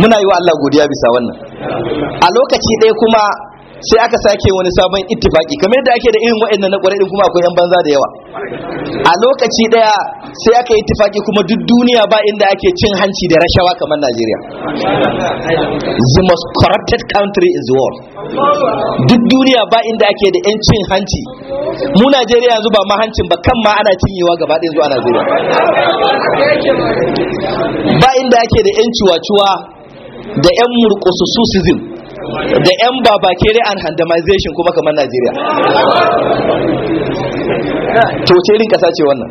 muna yi wa Allah godiya bisa wannan a lokaci ɗaya kuma sai aka sake wani sabon ittifaki kamar yadda ake da irin waɗannan na ƙwarai kuma akwai 'yan banza da yawa a lokaci ɗaya sai aka yi ittifaki kuma duk duniya ba inda ake cin hanci da rashawa kamar Najeriya the most corrupted country in the world duk duniya ba inda ake da 'yan cin hanci mu Najeriya yanzu ba ma hancin ba kan ma ana cinyewa gaba ɗaya zuwa Najeriya ba inda ake da 'yan ciwa-ciwa da 'yan murkususuzism da 'yan babakere an handamization kuma kamar najeriya tocerin kasa ce wannan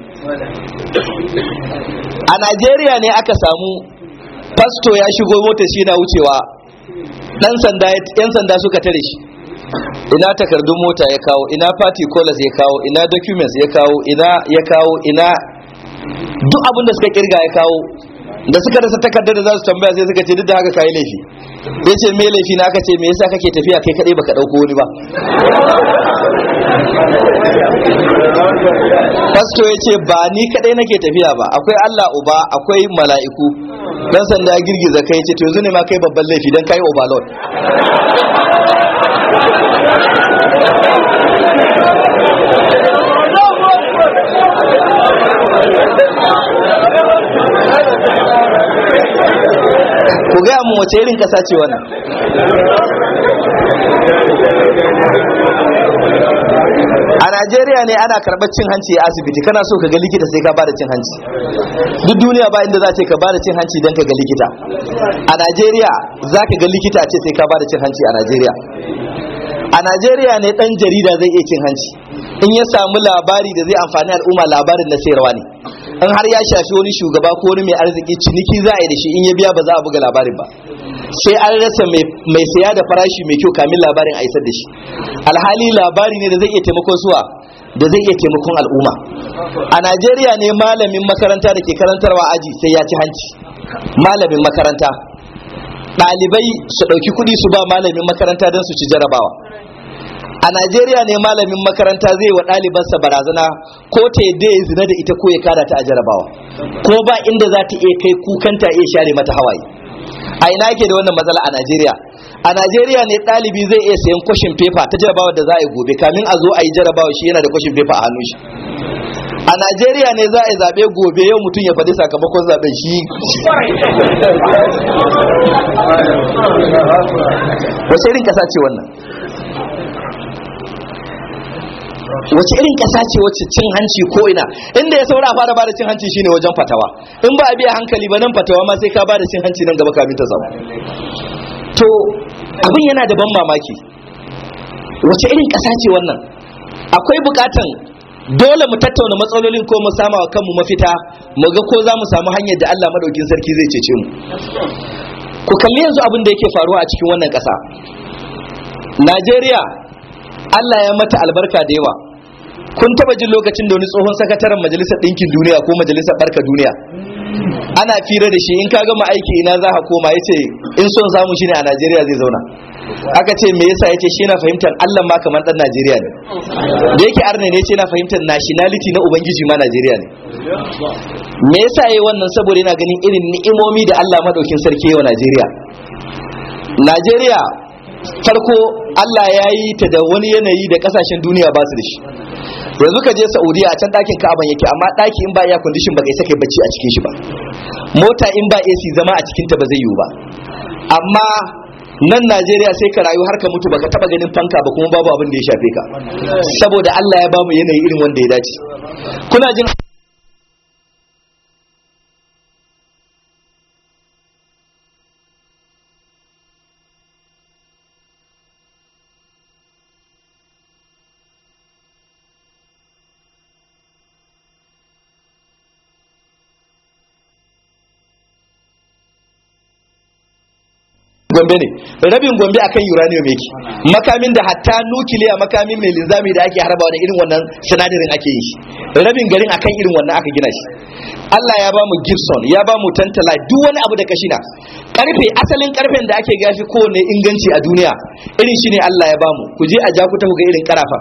a najeriya ne aka samu fasto ya shigo mota shi na wucewa dan sanda yan sanda suka tare shi ina takardun mota ya kawo ina party colors ya kawo ina documents ya kawo ina ya kawo ina duk abin da suka kirga ya kawo da suka rasa takarda da za su tambaya sai suka ce duk da haka kai laifi sai ce me laifi na aka ce me yasa kake tafiya kai kadai baka dauko wani ba pasto yace ba ni kadai nake tafiya ba akwai Allah uba akwai mala'iku dan sanda girgiza kai ce to yanzu ne ma kai babban laifi dan kai overload ku gaya mu wace irin kasa ce wannan a najeriya ne ana karɓar cin hanci a asibiti kana so ka ga likita sai ka bada cin hanci duk duniya ba inda za ce ka bada cin hanci don ka ga likita a najeriya za ka ga likita ce sai ka bada cin hanci a najeriya a najeriya ne dan jarida zai iya cin hanci in ya samu labari da zai amfani al'umma labarin na sayarwa ne in har ya shafi wani shugaba ko wani mai arziki ciniki za a yi da shi in ya biya ba za a buga labarin ba sai an rasa mai saya da farashi mai kyau kamin labarin a isar da shi alhali labari ne da zai iya taimakon suwa da zai iya taimakon al'umma a najeriya ne malamin makaranta da ke karantarwa aji sai ya ci hanci malamin makaranta ɗalibai su ɗauki kuɗi su ba malamin makaranta don su ci jarabawa a najeriya ne malamin makaranta zai wa ɗalibansa barazana ko ta yadda ya zina da ita ko ya kada ta a jarabawa ko ba inda za ta iya kai kukanta iya share mata hawaye a ina ke da wannan matsala a najeriya a najeriya ne ɗalibi zai iya sayan kwashin fefa ta jarabawa da za a yi gobe kamin a zo a yi jarabawa shi yana da kwashin fefa a hannun shi a najeriya ne za a yi zaɓe gobe yau mutum ya faɗi sakamakon zaɓen shi wasu irin ƙasa ce wannan wace irin kasa ce wace cin hanci ko ina inda ya saura fara bada cin hanci shine wajen fatawa in ba a biya hankali ba nan fatawa ma sai ka bada cin hanci nan gaba kamin ta zama to abin yana da ban mamaki wace irin kasa ce wannan akwai bukatan dole mu tattauna matsalolin ko mu sama wa kanmu mafita mu ga ko za mu samu hanyar da Allah madaukin sarki zai cece mu ku kalli yanzu abin da yake faruwa a cikin wannan kasa, Najeriya Allah ya mata albarka da yawa kun taba jin lokacin da wani tsohon sakataren majalisar ɗinkin duniya ko majalisar barka duniya ana fira da shi in ka gama aiki ina za ka koma ya ce in son samu shi ne a najeriya zai zauna aka ce me yasa ya ce shi na fahimtar allah ma kamar ɗan najeriya ne da yake arne ne ce na fahimtar nationality na ubangiji ma najeriya ne me yasa ya yi wannan saboda yana ganin irin ni'imomi da allah madaukin sarki wa najeriya najeriya farko Allah ya yi ta da wani yanayi da kasashen duniya ba su da shi yanzu ka je Saudiya a can ɗakin Ka'aban yake amma ɗaki in ba ya condition ba kai kai bacci a cikin shi ba mota in ba AC zama a cikin ta ba zai yiwu ba amma nan Najeriya sai ka rayu har ka mutu baka taba ganin fanka ba kuma babu abin da ya shafe ka saboda Allah ya bamu yanayi irin wanda ya dace kuna jin gombe ne rabin gombe akan uranium yake makamin da hatta nukiliya makamin mai linzami da ake harbawa da irin wannan sinadarin ake yi rabin garin akan irin wannan aka gina shi Allah ya ba mu Gibson ya ba mu Tantala duk wani abu da kashina karfe asalin karfen da ake gashi kowane inganci a duniya irin shine Allah ya ba mu ku je a jakuta ku ga irin karafa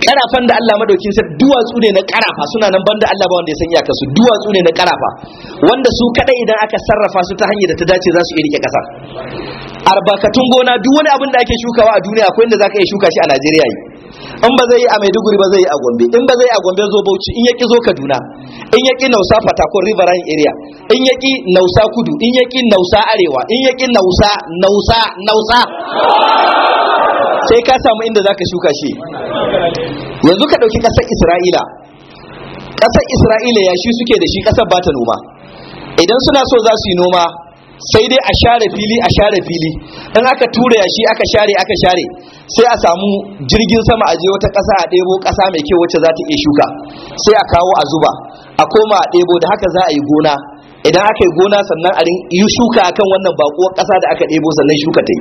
karafan da Allah madaukin sa duwatsu ne na karafa suna nan banda Allah ba wanda ya san iyakar su duwatsu ne na karafa wanda su kadai idan aka sarrafa su ta hanyar da ta dace za su iya rike kasa arbakatun gona duk wani abin da ake shukawa a duniya akwai inda zaka iya shuka shi a Najeriya yi in ba zai yi a Maiduguri ba zai yi a Gombe in ba zai yi a Gombe zo Bauchi in yaki zo Kaduna in yaki Nausa Fatakon Riverine area in yaki Nausa Kudu in yaki Nausa Arewa in yaki Nausa Nausa Nausa sai ka samu inda zaka shuka shi yanzu ka dauki kasar Isra'ila kasar Isra'ila ya shi suke da shi kasar ba ta noma idan suna so za su yi noma sai dai a share fili a share fili in aka tura yashi aka share aka share sai a samu jirgin sama a je wata ƙasa a ɗebo kasa mai kyau wacce za ta iya shuka sai a kawo a zuba a koma a ɗebo da haka za a yi gona idan aka yi gona sannan a yi shuka akan wannan bakuwar kasa da aka ɗebo sannan shuka ta yi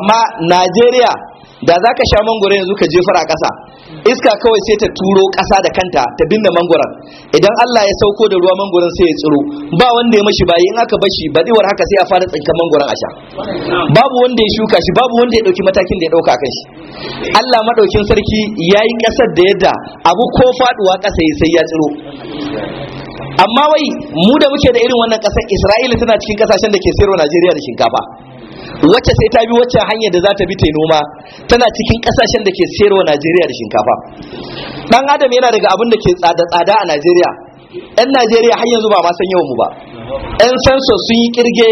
amma najeriya da za ka sha mangoro yanzu ka jefar a ƙasa iska kawai sai ta turo ƙasa da kanta ta binne mangoron idan Allah ya sauko da ruwa mangoron sai ya tsiro ba wanda ya mashi bayi in aka bashi baɗiwar haka sai a fara tsinkan mangoron a sha babu wanda ya shuka shi babu wanda ya ɗauki matakin da ya ɗauka kan shi Allah maɗaukin sarki ya yi ƙasar da yadda abu ko faɗuwa ƙasa ya sai ya tsiro amma wai mu da muke da irin wannan ƙasar Isra'ila tana cikin ƙasashen da ke sayarwa Najeriya da shinkafa wacce sai ta bi wacce hanyar da za ta bi ta noma tana cikin kasashen da ke sayarwa Najeriya da shinkafa dan adam yana daga abin da ke tsada tsada a Najeriya yan Najeriya har yanzu ba ma san yawan mu ba yan sanso sun yi kirge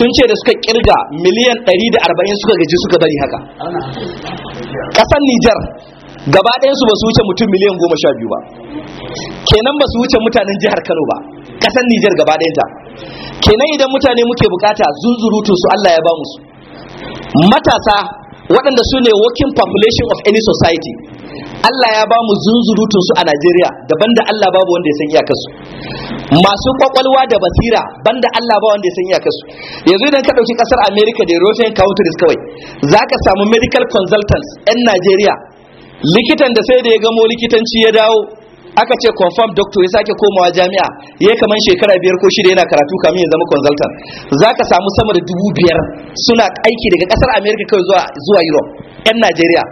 sun ce da suka kirga miliyan 140 suka gaji suka bari haka Kasan Niger gaba ɗayansu ba su wuce mutum miliyan goma sha biyu ba kenan ba su wuce mutanen jihar Kano ba Kasan Niger gaba ɗayanta kenan idan mutane muke bukata zunzurutun su Allah ya ba musu matasa waɗanda su ne working population of any society Allah ya ba mu zunzurutun su a Najeriya daban da Allah babu wanda ya san iyakarsu masu kwakwalwa da basira banda Allah ba wanda ya san iyakarsu yanzu idan ka ɗauki ƙasar America da European countries kawai za ka samu medical consultants 'yan Najeriya likitan da sai da ya gamo likitanci ya dawo aka ce confirm doctor ya sake komawa jami'a ya yi kaman shekara biyar ko shida yana karatu kamin ya zama consultant za ka samu sama da dubu biyar suna aiki daga kasar america kawai zuwa zuwa europe yan najeriya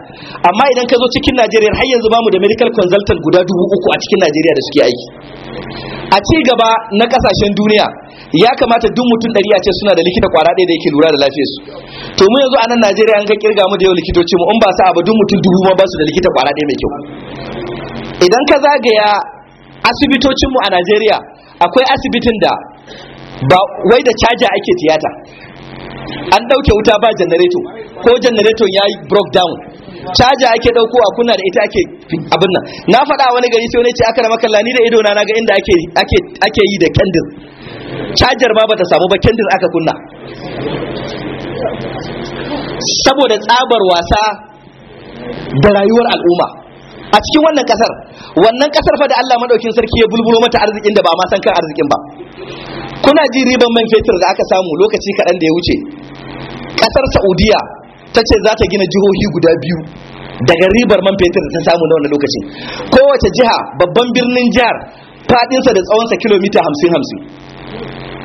amma idan ka zo cikin najeriya har yanzu bamu da medical consultant guda dubu uku a cikin najeriya da suke aiki a ci gaba na kasashen duniya ya kamata duk mutum ɗari a ce suna da likita kwara ɗaya da yake lura da su. to mu yanzu a nan najeriya an ka kirga mu da yau likitoci mu in ba sa abu duk mutum dubu ma ba su da likita kwara ɗaya mai kyau idan ka zagaya asibitocinmu a najeriya akwai asibitin da ba wai da caja ake tiyata an ɗauke wuta ba janareto ko janareto ya yi broke down caja ake ɗauko a kunna da ita ake abin nan na faɗa wani gari sai wani ce aka rama kalla ni da ido na naga inda ake yi da kendir cajar ma bata samu ba kendir aka kunna saboda tsabar wasa da rayuwar al'umma a cikin wannan kasar wannan kasar fa da Allah madaukin sarki ya bulburo mata arzikin da ba ma san kan arzikin ba kuna ji riban man fetur da aka samu lokaci kaɗan da ya wuce kasar Saudiya ta ce za ta gina jihohi guda biyu daga ribar man fetur da ta samu na wannan lokacin kowace jiha babban birnin jihar faɗinsa da tsawonsa kilomita hamsin hamsin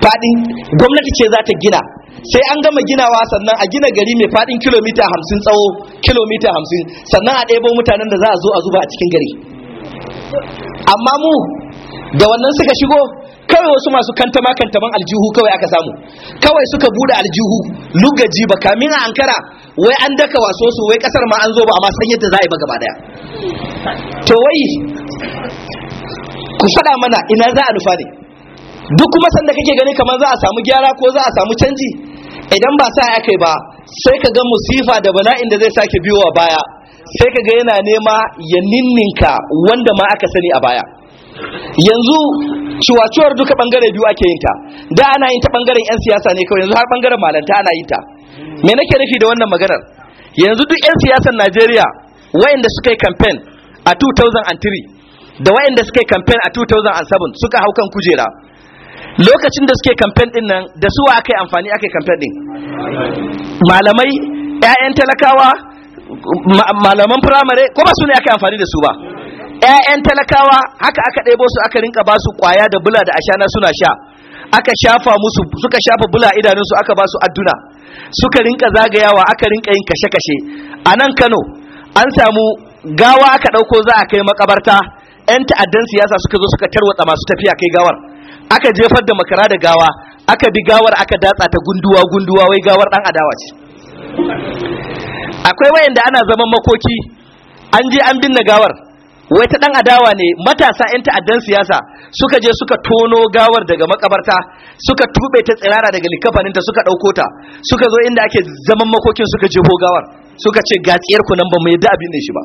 fadin gwamnati ce za ta gina sai an gama ginawa sannan a gina gari mai faɗin kilomita hamsin tsawo kilomita hamsin sannan a ɗebo mutanen da za a zo a zuba a cikin gari amma mu da wannan suka shigo kawai wasu masu kantama kantaman aljihu kawai aka samu kawai suka bude aljihu lugaji ba kamin a ankara wai an daka waso su wai kasar ma an zo ba amma san yadda za a yi ba gaba daya to wai ku faɗa mana ina za a nufa ne duk kuma sanda kake gani kamar za a samu gyara ko za a samu canji idan ba sa aka ba sai ka ga musifa da bala'in da zai sake biyo a baya sai ka ga yana nema ya ninninka wanda ma aka sani a baya yanzu ciwaciwar duka bangare biyu ake yinta. da ana yin ta bangaren yan siyasa ne kawai yanzu har bangaren malanta ana yin ta me nake nufi da wannan maganar yanzu duk yan siyasar Najeriya wayanda suka yi campaign a 2003 da wayanda suka yi campaign a 2007 suka hau kan kujera lokacin da suke kamfen din nan da suwa aka yi amfani aka yi kamfen din malamai 'ya'yan talakawa malaman firamare ko ba su ne aka yi amfani da su ba 'ya'yan talakawa haka aka ɗebo su aka rinka ba su kwaya da bula da ashana suna sha aka shafa musu suka shafa bula su aka ba su adduna suka rinka zagayawa aka rinka yin kashe-kashe a nan kano an samu gawa aka ɗauko za a kai makabarta 'yan ta'addan siyasa suka zo suka tarwatsa masu tafiya kai gawar aka jefar da makara da gawa aka bi gawar aka datsa ta gunduwa gunduwa wai gawar dan adawa ce akwai wayanda ana zaman makoki an je an binne gawar wai ta dan adawa ne matasa yan ta'addan siyasa suka je suka tono gawar daga makabarta suka tube ta tsirara daga likafaninta suka dauko ta suka zo inda ake zaman makokin suka jefo gawar suka ce ga tsiyar ku nan ba mu yadda abin ne shi ba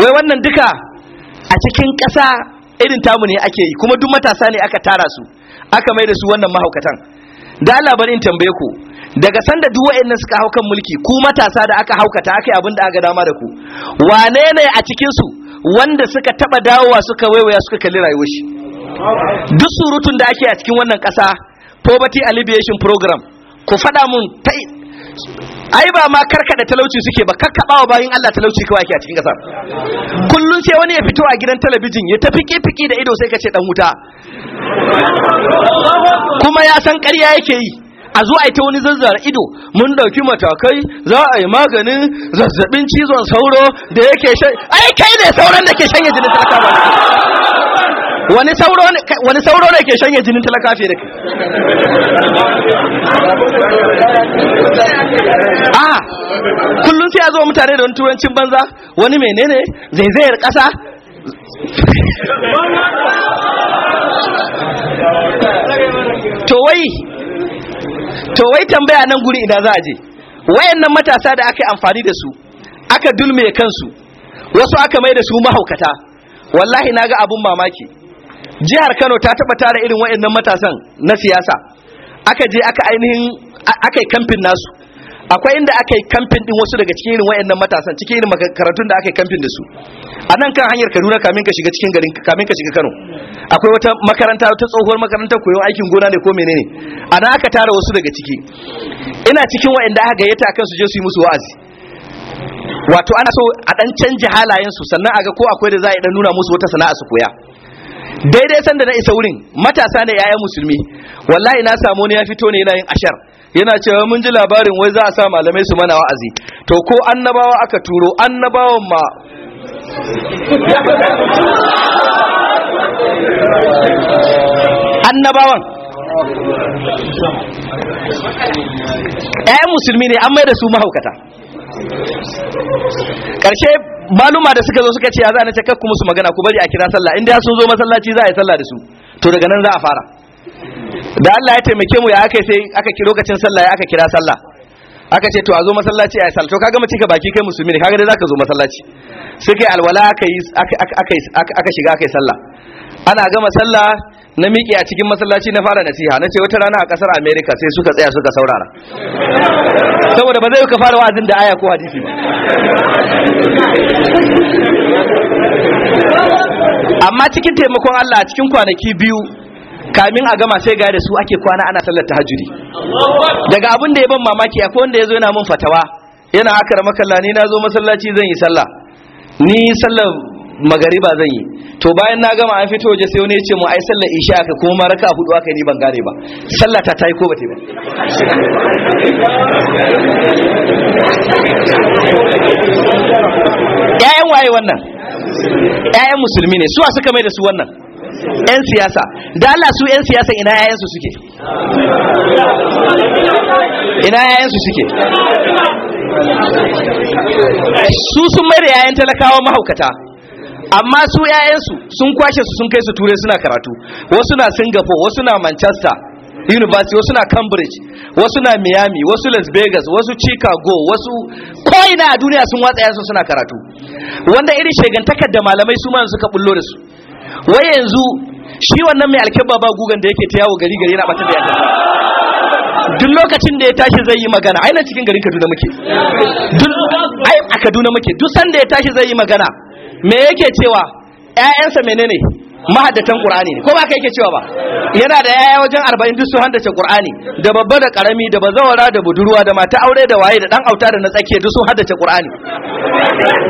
wai wannan duka a cikin ƙasa irin tamu ne ake yi kuma duk matasa ne aka tara su aka mai da su wannan mahaukatan da labarin tambaye ku daga sanda duk wa'annan suka haukan mulki ku matasa da aka haukata aka yi abin da aka dama da ku wane ne a cikin su wanda suka taba dawowa suka waiwaya suka kalli rayuwar shi duk surutun da ake a cikin wannan kasa poverty alleviation program ku faɗa mun ai ba ma karkada talauci suke ba wa bayin Allah talauci kawai ke a cikin kasa kullun sai wani ya fito a gidan talabijin ya tafi fiki da ido sai ka ce dan wuta kuma ya san ƙarya yake yi a zo a yi ta wani zazzar ido mun ɗauki matakai za a yi maganin zazzabin cizon sauro da yake shan ai kai ne sauran da ke shanye jinin talaka ba wani sauro ne wani sauro ne ke shanye jinin talaka fi da kai a kullum sai ya zo mutane da wani turancin banza wani menene zaizayar ƙasa to wai to wai tambaya nan guri ina za a je wayannan matasa da aka yi amfani da su aka dulme kansu wasu aka mai da su mahaukata wallahi naga abun mamaki jihar Kano ta taba tara irin wayannan matasan na siyasa aka je aka ainihin aka yi kamfin nasu akwai inda aka yi kamfin din wasu daga cikin irin wayannan matasan cikin irin makarantun da aka yi kamfin da su a nan kan hanyar kaduna kamin ka shiga cikin garin kamin ka shiga kano akwai wata makaranta ta tsohuwar makaranta koyon aikin gona ne ko menene a nan aka tara wasu daga ciki ina cikin wa'anda aka gayyata akan su je su yi musu wa'azi wato ana so a dan canja halayen su sannan aga ko akwai da za a dan nuna musu wata sana'a su koya daidai sanda na isa wurin matasa ne yayan musulmi wallahi na samu ne ya fito ne yana yin ashar yana cewa mun ji labarin wai za a sa malamai su mana wa'azi to ko annabawa aka turo annabawan ma annabawan ‘ya'yan eh, musulmi ne an mai da su mahaukata ƙarshe maluma da suka zo suka ce ya za a nace kakku musu magana ku bari a kira sallah inda sun zo masallaci za a yi sallah da su to daga nan za a fara da Allah ya taimake mu ya aka sai aka lokacin sallah ya aka kira sallah aka ce to a zo masallaci a yi sallah to kaga mace ka baki kai musulmi ne kaga dai zaka zo masallaci sai kai alwala aka aka shiga aka yi sallah ana gama sallah na miƙe a cikin masallaci na fara nasiha na ce wata rana a ƙasar America sai suka tsaya suka saurara saboda ba zai ka fara wa'azin da aya ko hadisi ba amma cikin taimakon Allah a cikin kwanaki biyu kamin a gama sai ga da su ake kwana ana sallar tahajjudi daga abin da ya ban mamaki akwai wanda ya zo yana mun fatawa yana haka ramakalla ni nazo masallaci zan yi sallah ni sallar magariba zan yi to bayan na gama an fito waje sai wani ya ce mu ai sallar isha ka kuma ma raka hudu aka ni ban gane ba sallah ta tayi ko ba ta ba ƴaƴan waye wannan ƴaƴan musulmi ne su suka mai da su wannan 'yan siyasa da Allah su 'yan siyasa ina yayansu suke ina yayansu suke su sun mai da yayan talakawa mahaukata amma su yayansu sun kwashe su sun kai su turai suna karatu wasu na singapore wasu na manchester university wasu na cambridge wasu na miami wasu las vegas wasu chicago wasu ko'ina a duniya sun watsa yasu suna karatu wanda irin shegantakar da malamai su ma suka bullo da su wai yanzu shi wannan mai alkebba ba gugan da yake ta yawo gari gari yana bata da yadda duk lokacin da ya tashi zai yi magana ai na cikin garin Kaduna muke ai a Kaduna muke duk sanda ya tashi zai yi magana me yake cewa ƴaƴansa menene mahaddatan qur'ani ne ko ba kai yake cewa ba yana da yaya wajen 40 duk sun haddace qur'ani da babba da karami da bazawara da budurwa da mata aure da waye da dan auta da na tsakiya duk sun haddace qur'ani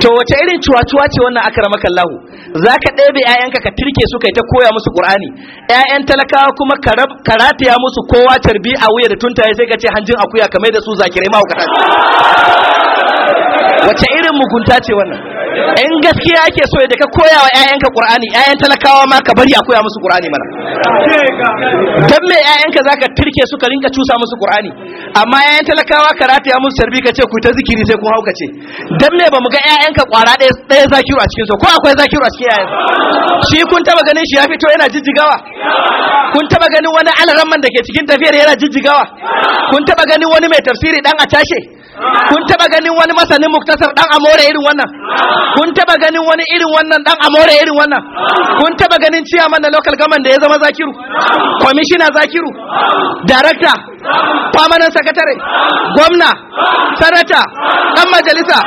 to wace irin cuwa-cuwa ce wannan akramakallahu zaka ɗebe yayanka ka turke su kai ta koya musu qur'ani yayan talakawa kuma karatiya musu kowa tarbi a wuya da tuntaye sai ka ce hanjin akuya kamar da su zakirai ma wace irin mugunta ce wannan in gaskiya ake so da ka koya wa 'ya'yanka qur'ani 'ya'yan talakawa ma ka bari a koya musu qur'ani mana dan me 'ya'yanka zaka turke su ka rinka cusa musu qur'ani amma 'ya'yan talakawa ka rataya musu tarbi ka ce ku ta zikiri sai kun haukace dan me bamu ga 'ya'yanka kwara ɗaya ɗaya zakiru a cikin su ko akwai zakiru a cikin 'ya'yan shi kun taba ganin shi ya fito yana jijjigawa kun taba ganin wani alaramman da ke cikin tafiyar yana jijjigawa kun taba ganin wani mai tafsiri dan a tashe kun taba ganin wani masanin muktasar dan amore irin wannan kun taba ganin wani irin wannan dan amore irin wannan kun taba ganin ciyaman na local government da ya zama zakiru commissioner zakiru director permanent secretary gwamna senator dan majalisa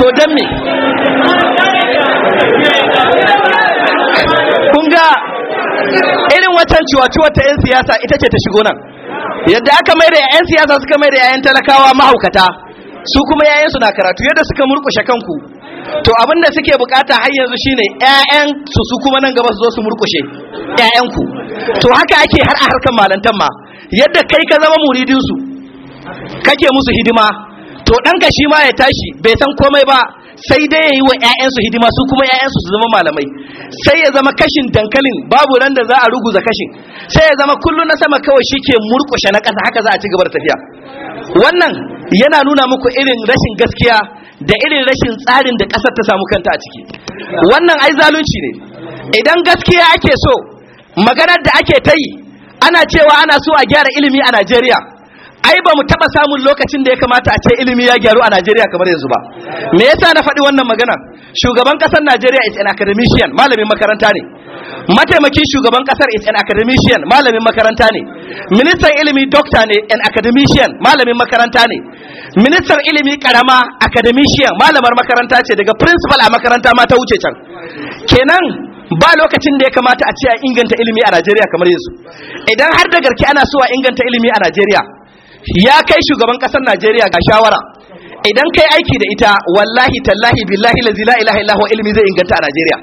to dan me kun ga irin waccan ciwaciwar ta 'yan siyasa ita ce ta shigo nan yadda aka mai da 'ya'yan siyasa suka mai da 'ya'yan talakawa mahaukata su kuma 'ya'yansu na karatu yadda suka murkushe kanku to abin da suke bukata har yanzu shine 'ya'yan su su kuma nan gaba su zo su murkushe 'ya'yanku to haka ake har a harkan malantan ma yadda kai ka zama muridinsu kake musu hidima to ɗanka shi ma ya tashi bai san komai ba sai dai yayi wa ƴaƴansu hidima su kuma ƴaƴansu su zama malamai sai ya zama kashin dankalin babu ran da za a ruguza kashin sai ya zama kullu na sama kawai shike murƙushe na ƙasa haka za a ci gaba da tafiya wannan yana nuna muku irin rashin gaskiya da irin rashin tsarin da ƙasar ta samu kanta a ciki wannan ai zalunci ne idan gaskiya ake so maganar da ake ta yi ana cewa ana so a gyara ilimi a Najeriya ai ba mu taba samun lokacin da ya kamata a ce ilimi ya gyaru a Najeriya kamar yanzu ba me yasa na faɗi wannan magana shugaban ƙasar Najeriya is an academician malamin makaranta ne mataimakin shugaban ƙasar is an academician malamin makaranta ne ministan ilimi doctor ne an academician malamin makaranta ne ministan ilimi karama academician malamar makaranta ce daga principal a makaranta ma ta wuce can kenan ba lokacin da ya kamata a ce a inganta ilimi a Najeriya kamar yanzu idan har da garki ana so a inganta ilimi a Najeriya ya kai shugaban kasar Najeriya ga shawara idan kai aiki da ita wallahi tallahi billahi lazi la ilaha illahu ilmi zai inganta a Najeriya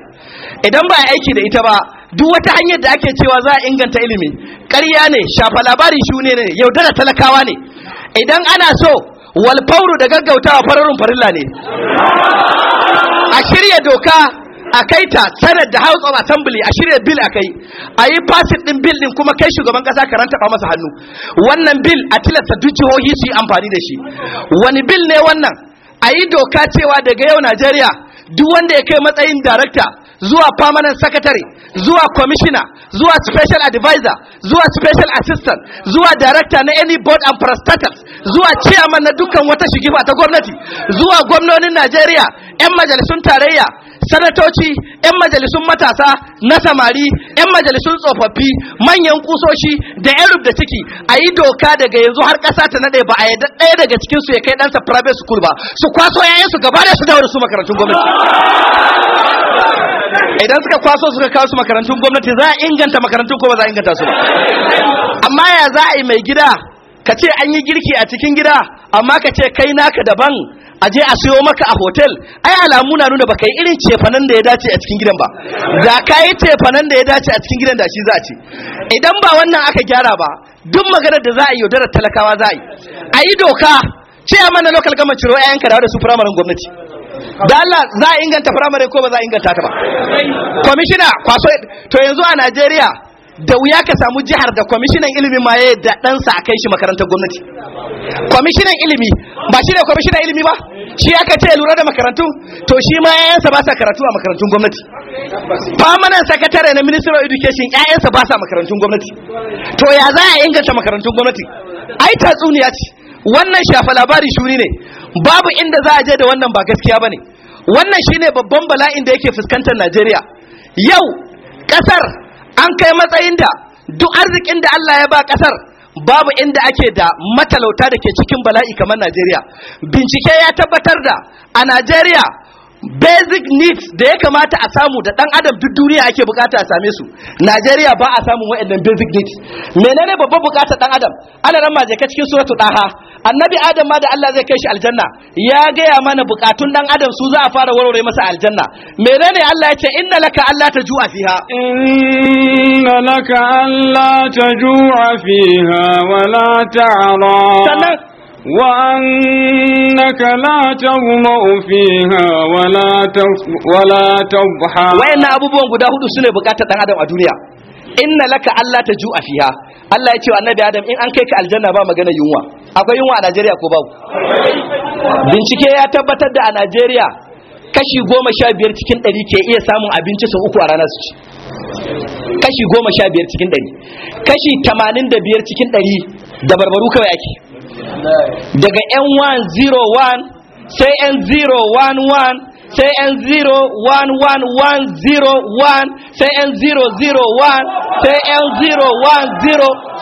idan ba aiki da ita ba duk wata hanyar da ake cewa za a inganta ilimi ƙarya ne shafa labarin shune ne yaudara talakawa ne idan ana so walfauru da gaggautawa fararun farilla ne a shirya doka a kai ta sanar da house of assembly a shirya bil a kai a yi fasit din bil din kuma kai shugaban kasa karanta rantaba masa hannu wannan bil a tilasta duk jihohi su yi amfani da shi wani bil ne wannan a yi doka cewa daga yau najeriya duk wanda ya kai matsayin darakta zuwa permanent secretary zuwa commissioner zuwa special advisor zuwa special assistant zuwa director na any board and prostatus zuwa chairman na dukkan wata shigifa ta gwamnati zuwa gwamnonin Najeriya 'yan majalisun tarayya sanatoci 'yan majalisun matasa na samari 'yan majalisun tsofaffi manyan kusoshi da 'yan rubda ciki a yi doka daga yanzu har ƙasa ta nade ba a yi ɗaya daga cikin su ya kai ɗansa private school ba su kwaso 'ya'yansu gaba da su dawo da su makarantun gwamnati idan suka kwaso suka kawo su makarantun gwamnati za a inganta makarantun ko ba za a inganta su ba amma ya za a yi mai gida ka ce an yi girki a cikin gida amma ka ce kai naka daban a je a siyo maka a hotel ai alamu na nuna baka yi irin cefanan da ya dace a cikin gidan ba da ka yi cefanen da ya dace a cikin gidan da shi za a ci idan ba wannan aka gyara ba duk maganar da za a yi yaudarar talakawa za a yi a yi doka ce a mana local government ciro 'ya'yanka da su firamarin gwamnati da Allah za a inganta firamare ko ba za a inganta ta ba kwamishina kwaso to yanzu a Najeriya da wuya ka samu jihar da kwamishinan ilimi ma ya da ɗansa a kai shi makarantar gwamnati kwamishinan ilimi ba shi ne kwamishinan ilimi ba shi aka ce lura da makarantu to shi ma yayansa ba sa karatu a makarantun gwamnati permanent sakatare na ministry of education yayansa ba sa makarantun gwamnati to ya za a inganta makarantun gwamnati ai tatsuniya ce wannan shafa labari shuri ne babu inda za a je da wannan ba gaskiya bane wannan shine babban bala'in da yake fuskantar Najeriya yau ƙasar an kai matsayin da duk arzikin da Allah ya ba kasar babu inda ake da matalauta da ke cikin bala'i kamar Najeriya bincike ya tabbatar da a Najeriya basic needs da ya kamata a samu da dan adam duk duniya ake bukata a same su Najeriya ba a samun waɗannan basic needs menene babban bukatar dan adam ana ran maje ka cikin suratu daha annabi adam ma da Allah zai kai shi aljanna ya gaya mana bukatun dan adam su za a fara warware masa aljanna menene Allah ya ce inna laka alla tajua fiha inna laka alla tajua fiha wa la ta'ra وأنك لا تغمأ فيها ولا تف ولا تضحى وإن أبو بون قد أخذ سنة بقاتة آدم الدنيا إن لك ألا تجوع فيها Allah ya ce wa annabi Adam in an kai ka aljanna ba magana yunwa akwai yunwa a Najeriya ko babu bincike ya tabbatar da a Najeriya kashi goma sha biyar cikin ɗari ke iya samun abinci sau uku a rana su ci kashi goma sha biyar cikin ɗari kashi tamanin da biyar cikin ɗari da barbaru kawai ake daga n101 sai n011 sai n011101 sai n001 sai n010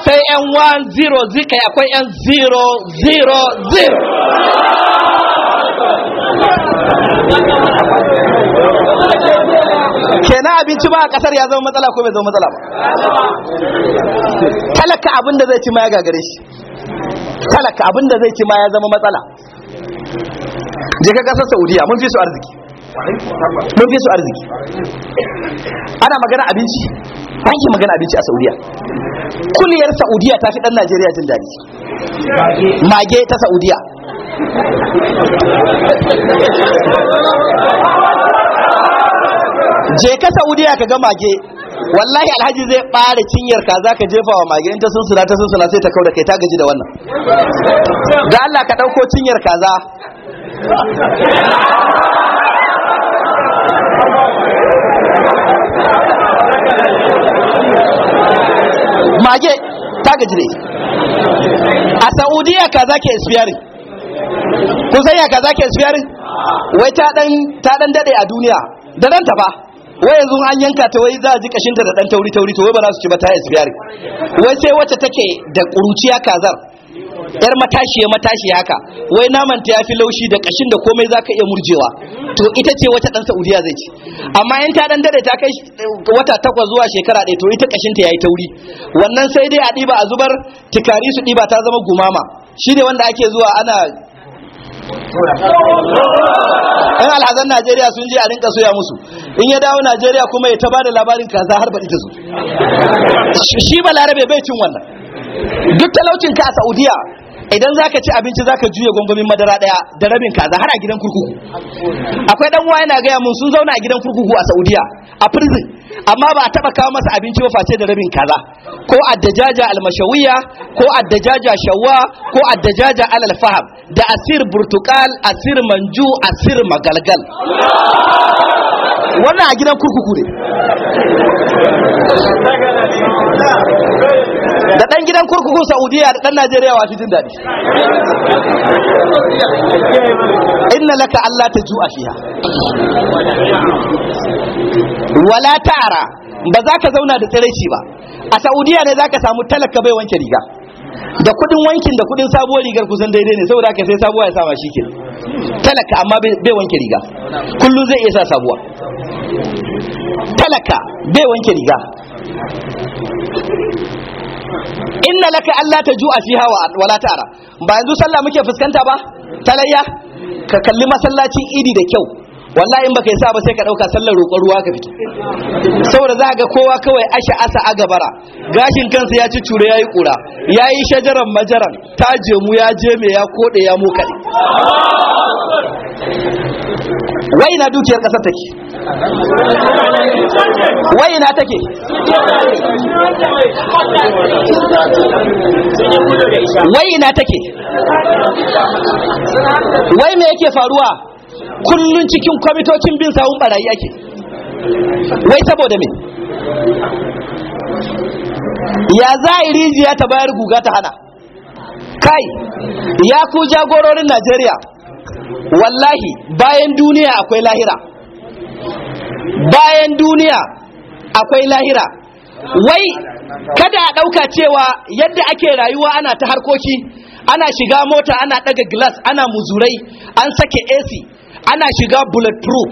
sai n10 zika akwai n000 kenan abinci ba a kasar ya zama matsala ko bai zama matsala ba talaka abinda zai ci ma ya gagare shi talaka abinda zai ci ma ya zama matsala je ka kasar saudiya mun fi su arziki mun fi su arziki ana magana abinci ake magana abinci a saudiya kuliyar saudiya ta fi dan najeriya jin daɗi mage ta saudiya je ka saudiya ka ga mage wallahi alhaji zai bare cinyar ka zaka jefa wa mage in ta sunsuna ta sunsuna sai ta kauda kai ta gaji da wannan da Allah ka dauko cinyar kaza mage ta gaji ne a saudiya kaza ke expiring kun sanya kaza ke expiring wai ta dan dade a duniya da ta ba wai yanzu an yanka ta wai za a ji kashinta da dan tauri tauri to wai ba za su ci ba ta expire wai sai wacce take da kuruciya kazar yar matashi ya matashi haka wai naman ta yafi laushi da kashin da komai zaka iya murjewa to ita ce wata dan saudiya zai ci amma in ta dan dare ta kai wata takwas zuwa shekara ɗaya to ita kashin ta yayi tauri wannan sai dai a diba a zubar tikari su diba ta zama gumama shi ne wanda ake zuwa ana yan alhazan najeriya sun je a rinka soya musu in ya dawo najeriya kuma ya ta ba da labarin kaza har baɗi ta zo shi ba Larabe bai cin wannan duk talaucin ka a saudiya idan za ka ci abinci za ka juya gwangwamin madara daya da rabin kaza har a gidan kurkuku akwai dan uwa yana gaya mun sun zauna a gidan kurkuku a Saudiya a prison amma ba a taba kawo masa abinci ba face da rabin kaza ko addajaja almashawiya ko addajaja shawwa ko addajaja alal faham da asir burtukal asir manju asir magalgal wannan a gidan kurkuku ne da dan gidan kurkukun saudiya da dan najeriya wasu jin daɗi inna laka allah ta ju'a fiha wala ta'ara ba za ka zauna da tsiraici ba a saudiya ne za ka samu talaka bai wanke riga da kudin wankin da kudin sabuwar rigar kusan daidai ne saboda ka sai sabuwa ya sama shi ke talaka amma bai wanke riga kullum zai iya sa sabuwa talaka bai wanke riga inna laka Allah ta ju'a fiha wa la tara ba yanzu sallah muke fuskanta ba talayya ka kalli masallacin idi da kyau wallahi in baka yi sa ba sai ka dauka sallar roƙon ruwa ka fito saboda za ga kowa kawai asha asa agabara, gashin kansa ya ci cure yayi kura yayi shajaran majaran ta je mu ya je me ya kode ya mu kai wai na dukiyar kasar take wai na take wai na take wai me yake faruwa kullun cikin kwamitocin bin sawun barayi ake wai saboda me ya za a yi rijiya ta bayar guga ta hana kai ya ku jagororin najeriya wallahi bayan duniya akwai lahira bayan duniya akwai lahira wai kada a ɗauka cewa yadda ake rayuwa ana ta harkoki ana shiga mota ana ɗaga glass ana muzurai an sake ac ana shiga bulletproof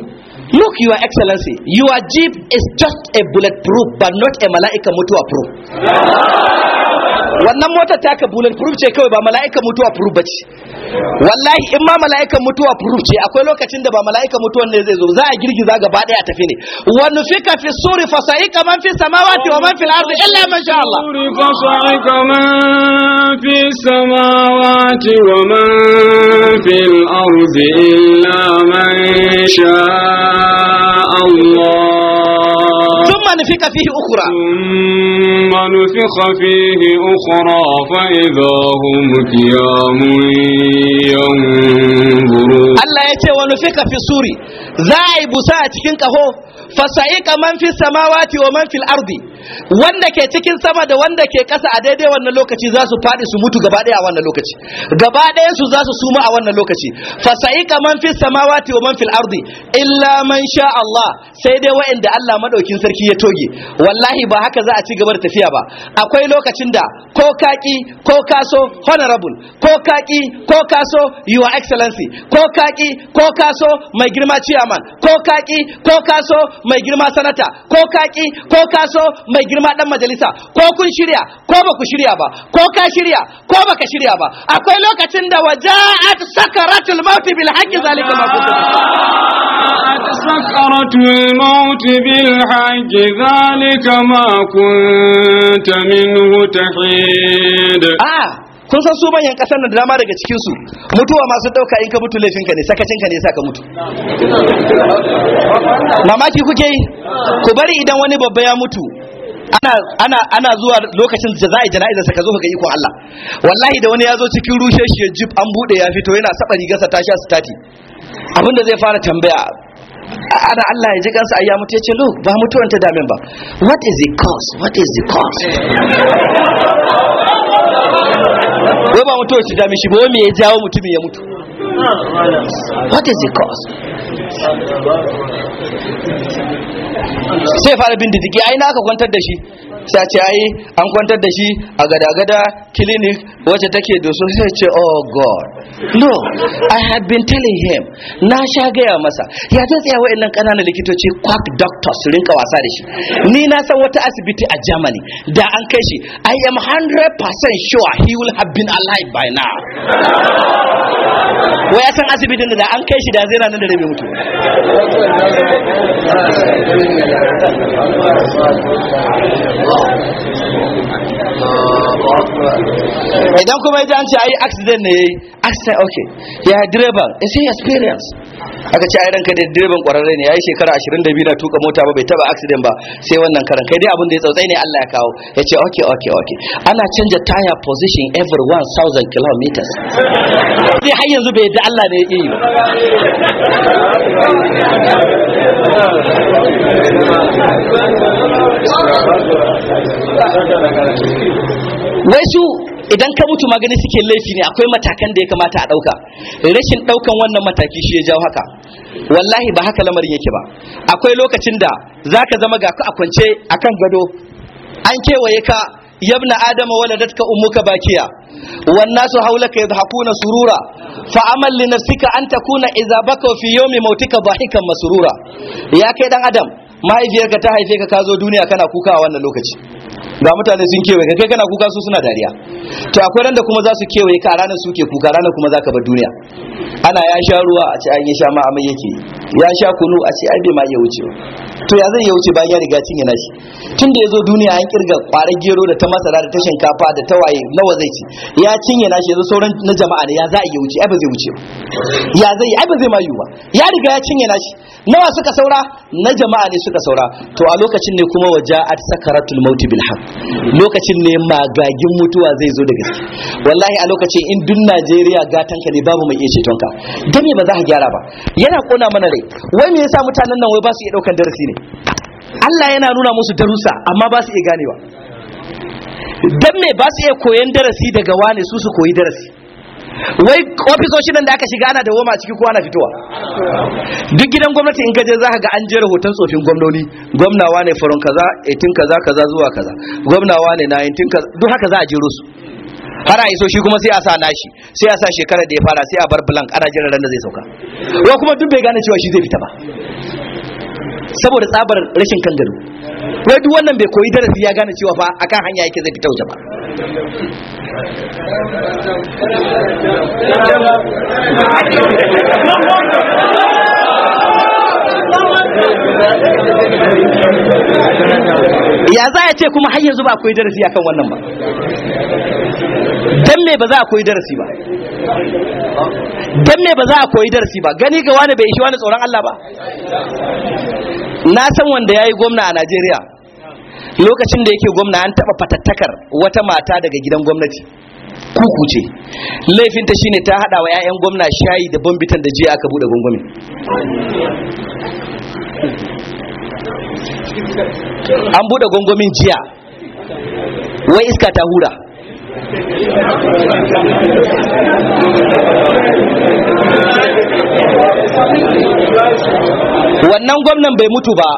look your excellency your jeep is just a bulletproof but not a mala'ika mutuwa proof wannan motar taka bulan proof ce kawai ba mala'ikan mutuwa proof ce wallahi in ma mala'ikan mutuwa proof ce akwai lokacin da ba mala'ikan mutuwan ne zai zo za a girgiza gaba daya tafi ne wa nufika fi suri fa sa'ika man fi samawati wa man ardi illa fi wa man ardi Allah نفق فيه أخرى ثم نفق فيه أخرى فإذا هم قيام ينظرون الله يتي ونفخ في سوري za a yi busa a cikin kaho fasa'i man manfi samawati wa man ardi wanda ke cikin sama da wanda ke kasa a daidai wannan lokaci za su faɗi su mutu gaba ɗaya a wannan lokaci gaba ɗaya su za su suma a wannan lokaci fasa'i man manfi samawati wa man ardi illa man sha Allah sai dai waɗanda Allah madaukin sarki ya toge wallahi ba haka za a ci gaba da tafiya ba akwai lokacin da ko kaki ko kaso honorable ko kaki ko kaso your excellency ko kaki ko kaso mai girma ciya chairman ko kaki ko kaso mai girma sanata ko kaki ko kaso mai girma dan majalisa ko kun shirya ko ba ku shirya ba ko ka shirya ko ba ka shirya ba akwai lokacin da waja'at sakaratul maut bil haqq zalika ma kuntum sakaratul maut bil zalika ma kuntum tahid ah! kun san su manyan kasar nan da dama daga cikin su mutuwa masu dauka in ka mutu laifinka ne sakacinka ne sa ka mutu mamaki kuke yi ku bari idan wani babba ya mutu ana ana ana zuwa lokacin da za a jana'iza sa ka zo ga ikon Allah wallahi da wani ya zo cikin rushe shi ya jib an bude ya fito yana saba rigarsa ta sha stati abinda zai fara tambaya ana Allah ya ji kansa ayya mutu ya ce lo ba mutuwan ta damin ba what is the cause what is the cause weba ba mutuwa ta dame shi ba ya jawo mutumin ya mutu what is the cause sai fara bin aina ai na aka kwantar da shi sai ce ai an kwantar da shi a gada-gada clinic wacce take doso sai ce oh god no i had been telling him na sha gaya masa ya zai tsaya wa'annan ƙananan likitoci quack doctors rinka wasa da shi ni na san wata asibiti a germany da an kai shi i am 100% sure he will have been alive by now wa ya san asibitin da an kai shi da zai nan da rabe mutu idan kuma ya ji an ce ayi accident ne yayi accident okay ya direban ya sai experience aka ce ayi ranka da direban kwararre ne yayi shekara 22 na tuka mota ba bai taba accident ba sai wannan karan kai dai abin da ya tsautsai ne Allah ya kawo ya ce okay okay okay ana canja tire position every 1000 kilometers sai har yanzu bai da Allah ne ya yi wai idan ka mutu magani suke laifi ne akwai matakan da ya kamata a ɗauka rashin ɗaukan wannan mataki shi ya jawo haka wallahi ba haka lamarin yake ba akwai lokacin da zaka zama ga ku a kwance akan gado an kewaye ka ya ibn adam waladatka ummuka bakiya wan nasu haulaka yadhakuna surura fa amal li nafsika an takuna idza baka fi yawmi mautika dahikan masrura ya kai dan adam mahaifiyarka ta haife ka ka zo duniya kana kuka a wannan lokaci ga mutane sun kewaye kai kana kuka su suna dariya to akwai ran da kuma za su kewaye ka ranar suke kuka ranar kuma za ka bar duniya ana ya sha ruwa a ce an yi sha ma amai yake ya sha kunu a ce ai bai ma ya wuce to ya zai ya wuce bayan ya riga cinye nashi tun da ya zo duniya an kirga kwarar gero da ta masara da ta shinkafa da ta waye nawa zai ci ya cinye nashi yanzu sauran na jama'a ne ya za a ya wuce ai ba zai wuce ba ya zai ai ba zai ma ba ya riga ya cinye nashi nawa suka saura na jama'a ne suka saura to a lokacin ne kuma at sakaratul maut bil haq lokacin ne magagin mutuwa zai zo da gaske wallahi a lokacin in dun Najeriya gatan ka ne babu mai iya ceton ka ba za ka gyara ba yana kona mana rai wai me yasa mutanen nan wai ba su iya daukan darasi ne Allah yana nuna musu darussa amma ba su iya ganewa dan me ba su iya koyan darasi daga wane su su koyi darasi wai ofisoshin nan da aka shiga ana da woma ciki ko ana fitowa duk gidan gwamnati in kaje za ka ga an je rahoton tsofin gwamnoni gwamnawa ne faron kaza 18 kaza kaza zuwa kaza gwamnawa ne 19 kaza duk haka za a jero su har a iso shi kuma sai a sa nashi sai a sa shekarar da ya fara sai a bar blank ana jiran ran da zai sauka wa kuma duk bai gane cewa shi zai fita ba saboda tsabar rashin kan gado wai duk wannan bai koyi darasi ya gane cewa fa akan hanya yake zai fita waje ba ya za a ce kuma har yanzu ba a koyi darasi akan wannan ba dan me ba za a koyi darasi ba dan me ba za a koyi darasi ba gani ga wani bai ishi wani tsoron Allah ba na san wanda ya yi gwamna a najeriya lokacin da yake gwamna an taɓa fatattakar wata mata daga gidan gwamnati kuku ce laifinta shine ta haɗawa wa 'ya'yan gwamna shayi da bambitan da jiya aka bude gwangwami an bude gwangwamin jiya wai iska ta hura wannan gwamnan bai mutu ba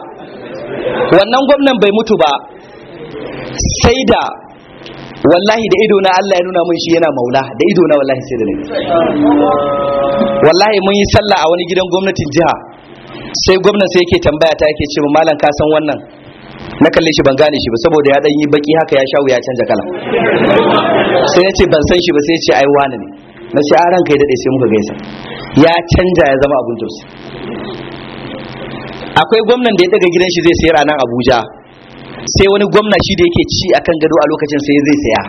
wannan gwamnan bai mutu ba sai da wallahi da ido na Allah ya nuna mun shi yana maula da ido na wallahi sai da ne wallahi mun yi sallah a wani gidan gwamnatin jiha sai gwamnan sai yake tambaya ta yake ce malam ka san wannan na kalle shi ban gane shi ba saboda ya dan yi baki haka ya sha ya canja kala sai ya ce ban san shi ba sai ya ce ai wani ne na ce aran kai daɗe sai muka gaisa ya canja ya zama abun tausi akwai gwamnan da ya daga gidan shi zai sayar a nan abuja sai wani gwamna shi da yake ci akan gado a lokacin sai zai saya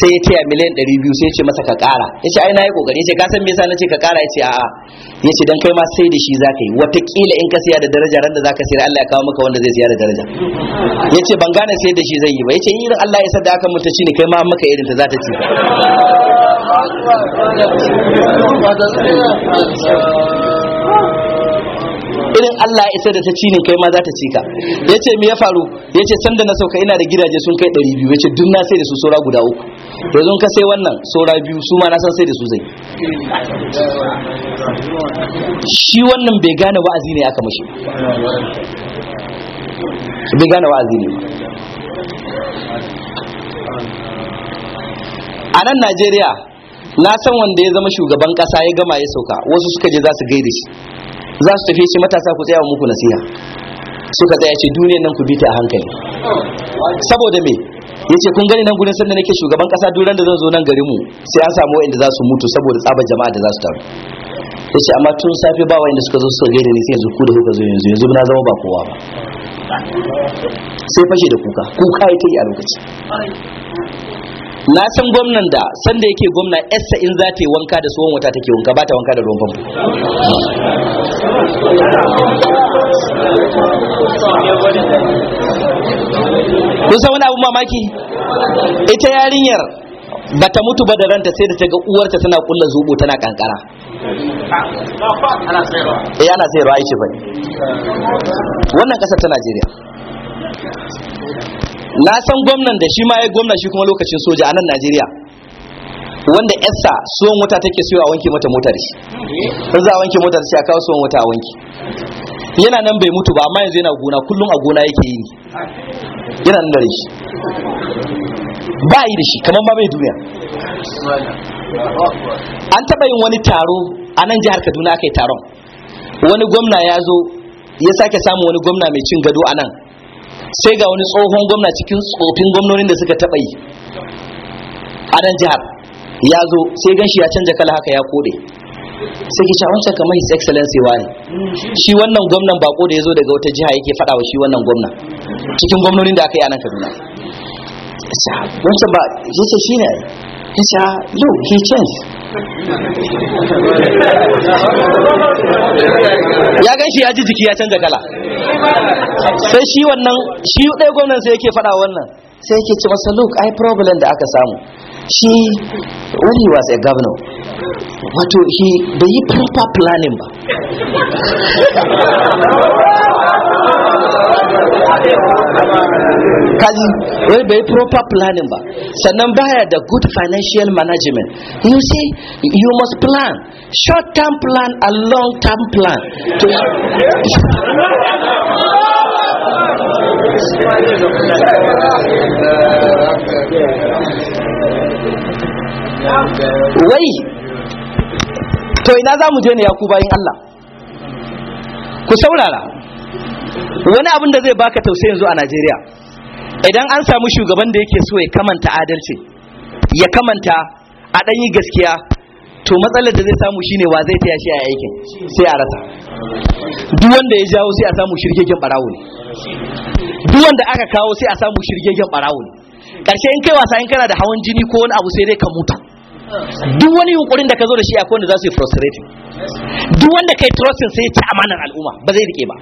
sai ya ce a miliyan 200 sai ya ce masa ka kara ya ce ai na yi kokari ya ce ka san me yasa na ce ka kara ya ce a'a ya ce dan kai ma sai da shi za ka yi watakila in ka siya da daraja ran da ka siya Allah ya kawo maka wanda zai siya da daraja ya ce ban gane sai da shi zai yi ba ya ce irin Allah ya sadda aka mutaci ne kai ma maka irin ta za ta ci irin Allah isa da ta cinin kai ma za ta ci ka ce me ya faru Ya ce sanda na sauka ina da gidaje sun kai 200 Ya duk na sai da su saura guda uku yanzu ka sai wannan saura biyu su ma na san sai da su zai shi wannan bai gane wa'azi ne aka mashi bai gane wa'azi ne a nan najeriya na san wanda ya zama shugaban kasa ya gama ya sauka wasu suka je za su gaida shi za su tafi shi matasa ku tsaya muku nasiha suka tsaya ce duniyan nan ku bi ta a hankali saboda me yace kun gani nan gurin sanda nake shugaban kasa duran da zan zo nan gari mu sai an samu wanda za su mutu saboda tsabar jama'a da za su taru yace amma tun safe ba wanda suka zo suka gaida ni sai yanzu ku da kuka zo yanzu yanzu na zama ba kowa ba sai fashe da kuka kuka ta yi a lokaci na san gwamnan da sanda yake gwamna yassa in za ta yi wanka da tsohon wata take wanka ba ta wanka da ruwan famfo kun san wani abu mamaki ita yarinyar ba ta mutu ba da ranta sai da ta ga uwarta tana kulla zubo tana kankara eh ana sayarwa ce bai wannan kasar ta najeriya na san gwamnan da shi ma ya gwamna shi kuma lokacin soja a nan najeriya wanda Esa suwan wuta take siyo a wanke mata motar shi in za a wanke motar shi a kawo suwan wuta a wanke yana nan bai mutu ba amma yanzu yana gona kullum a gona yake yi yana nan da shi ba yi da shi kamar ba bai duniya an taɓa yin wani taro a nan jihar kaduna aka yi taron wani gwamna ya zo ya sake samun wani gwamna mai cin gado a nan sai ga wani tsohon gwamna cikin tsofin gwamnonin da suka taɓa yi a nan jihar ya zo sai gan shi ya canja kala haka ya kode sai ki shawanta kamar his excellency ne, shi wannan gwamnan bako da ya zo daga wata jiha yake faɗa wa shi wannan gwamna cikin gwamnonin da aka yi a nan kaduna wancan ba ya shi ne ya ce look he ya gan shi ya ji jiki ya canza kala sai shi wannan shi ɗaya gwamnan sai yake faɗa wannan sai yake ce masa look ai problem da aka samu shi when he was a governor wato he bai yi proper planning ba kaji wani bai proper planning ba sannan baya da good financial management you see you must plan short term plan and long term plan wai to ina za mu je ne ya ku Allah ku saurara wani abin da zai baka tausayi yanzu a Najeriya idan an samu shugaban da yake so ya kamanta adalci ya kamanta a dan yi gaskiya to matsalar da zai samu shine wa zai taya shi a aikin sai a rasa duk wanda ya jawo sai a samu shirgegen barawo ne duk wanda aka kawo sai a samu shirgegen barawo ne karshe in kai wasa in kana da hawan jini ko wani abu sai dai ka mutu duk wani yunkurin da ka zo da shi akwai wanda za su yi frustrating duk wanda kai trusting sai ya ci amanar al'umma ba zai rike ba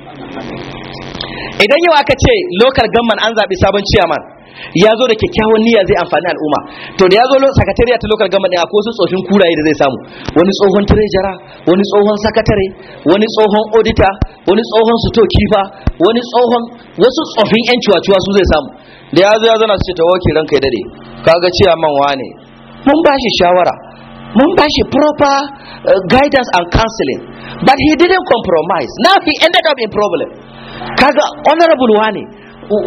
idan yau aka ce lokal gamman an zaɓi sabon ciyaman ya zo da kyakkyawan niyya zai amfani al'umma to da ya zo sakatariya ta lokal gamman ko su tsofin kuraye da zai samu wani tsohon trejara wani tsohon sakatare wani tsohon odita wani tsohon suto kifa wani tsohon wasu tsofin yan ciwaciwa su zai samu da ya zo ya zana su ce ta woke ranka kai dade kaga ciyaman wane mun ba shi shawara mun ba shi proper eh, guidance and counseling but he didn't compromise now he ended up in problem kaga honorable wane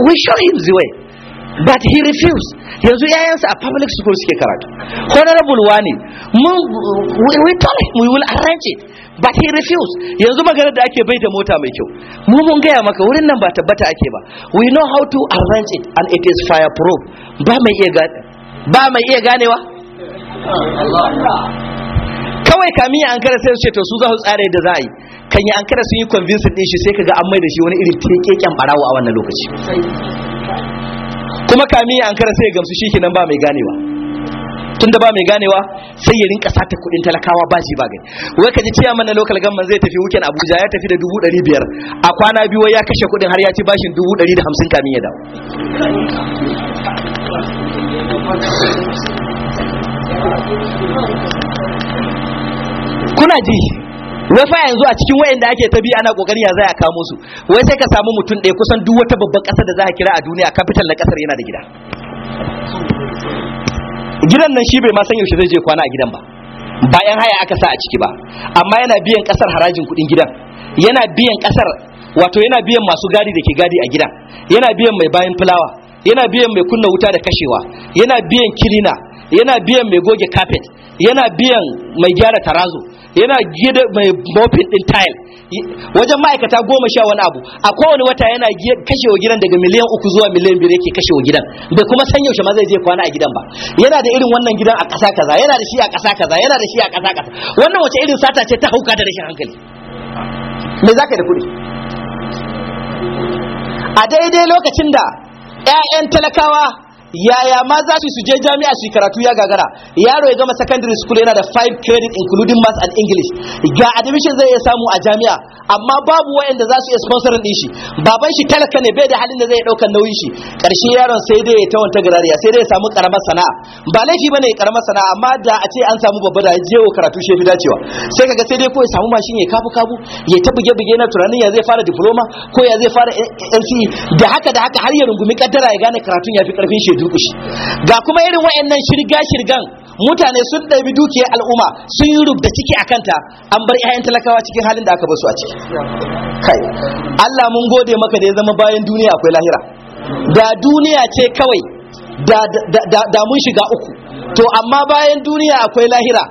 we show him the way but he refused yanzu yayansa a public school suke karatu honorable wane mun we told him we will arrange it but he refused yanzu maganar da ake bai da mota mai kyau mu mun gaya maka wurin nan ba tabbata ake ba we know how to arrange it and it is fire proof ba mai iya gane ba mai iya ganewa kawai kamiya an kara sai su ce to su za su tsare da za a yi kan yi an sun yi convincing din shi sai kaga an mai da shi wani irin tekeken barawo a wannan lokaci kuma kami an kada sai ya gamsu shi kenan ba mai ganewa tun da ba mai ganewa sai ya rinka sata kudin talakawa ba shi ba gani wai kaji ciya mana local government zai tafi wuken abuja ya tafi da dubu ɗari biyar a kwana biyu wai ya kashe kudin har ya ci bashin dubu ɗari da hamsin kamin ya dawo kuna ji na fa yanzu a cikin wayanda ake ta ana kokari ya zai kamo su wai sai ka samu mutum ɗaya kusan duk wata babban ƙasa da za a kira a duniya capital na ƙasar yana da gida gidan nan shi bai ma san yaushe zai je kwana a gidan ba bayan haya aka sa a ciki ba amma yana biyan ƙasar harajin kuɗin gidan yana biyan ƙasar wato yana biyan masu gadi da ke gadi a gidan yana biyan mai bayan fulawa yana biyan mai kunna wuta da kashewa yana biyan kilina yana biyan mai goge carpet yana biyan mai gyara tarazo yana gida mai mopin din tile wajen ma'aikata goma sha wani abu a kowane wata yana kashewa gidan daga miliyan uku zuwa miliyan biyar yake kashewa gidan bai kuma san yaushe ma zai je kwana a gidan ba yana da irin wannan gidan a ƙasa kaza yana da shi a ƙasa kaza yana da shi a ƙasa kaza wannan wace irin sata ce ta hauka da rashin hankali me za ka da kuɗi a daidai lokacin da 'ya'yan talakawa yaya ma za su je jami'a su karatu ya gagara yaro ya gama secondary school yana da five credit including math and english ga admission zai iya samu a jami'a amma babu wayanda za su iya sponsorin din shi baban shi talaka ne bai da halin da zai dauka nauyin shi karshe yaron sai dai ya tawanta garariya sai dai ya samu karamar sana'a ba laifi bane ya karamar sana'a amma da a ce an samu babba da je karatu shi cewa sai kaga sai dai ko ya samu mashin ya kafu kafu ya ta buge buge na tunanin ya zai fara diploma ko ya zai fara NCE da haka da haka har ya rungumi kaddara ya gane karatun ya fi karfin shi durƙushi ga kuma irin wayannan shirga shirgan mutane sun ɗabi dukiyar al'umma sun yi rubda ciki a kanta an bar 'ya'yan talakawa cikin halin da aka basu a ciki kai Allah mun gode maka da ya zama bayan duniya akwai lahira da duniya ce kawai da mun shiga uku to amma bayan duniya akwai lahira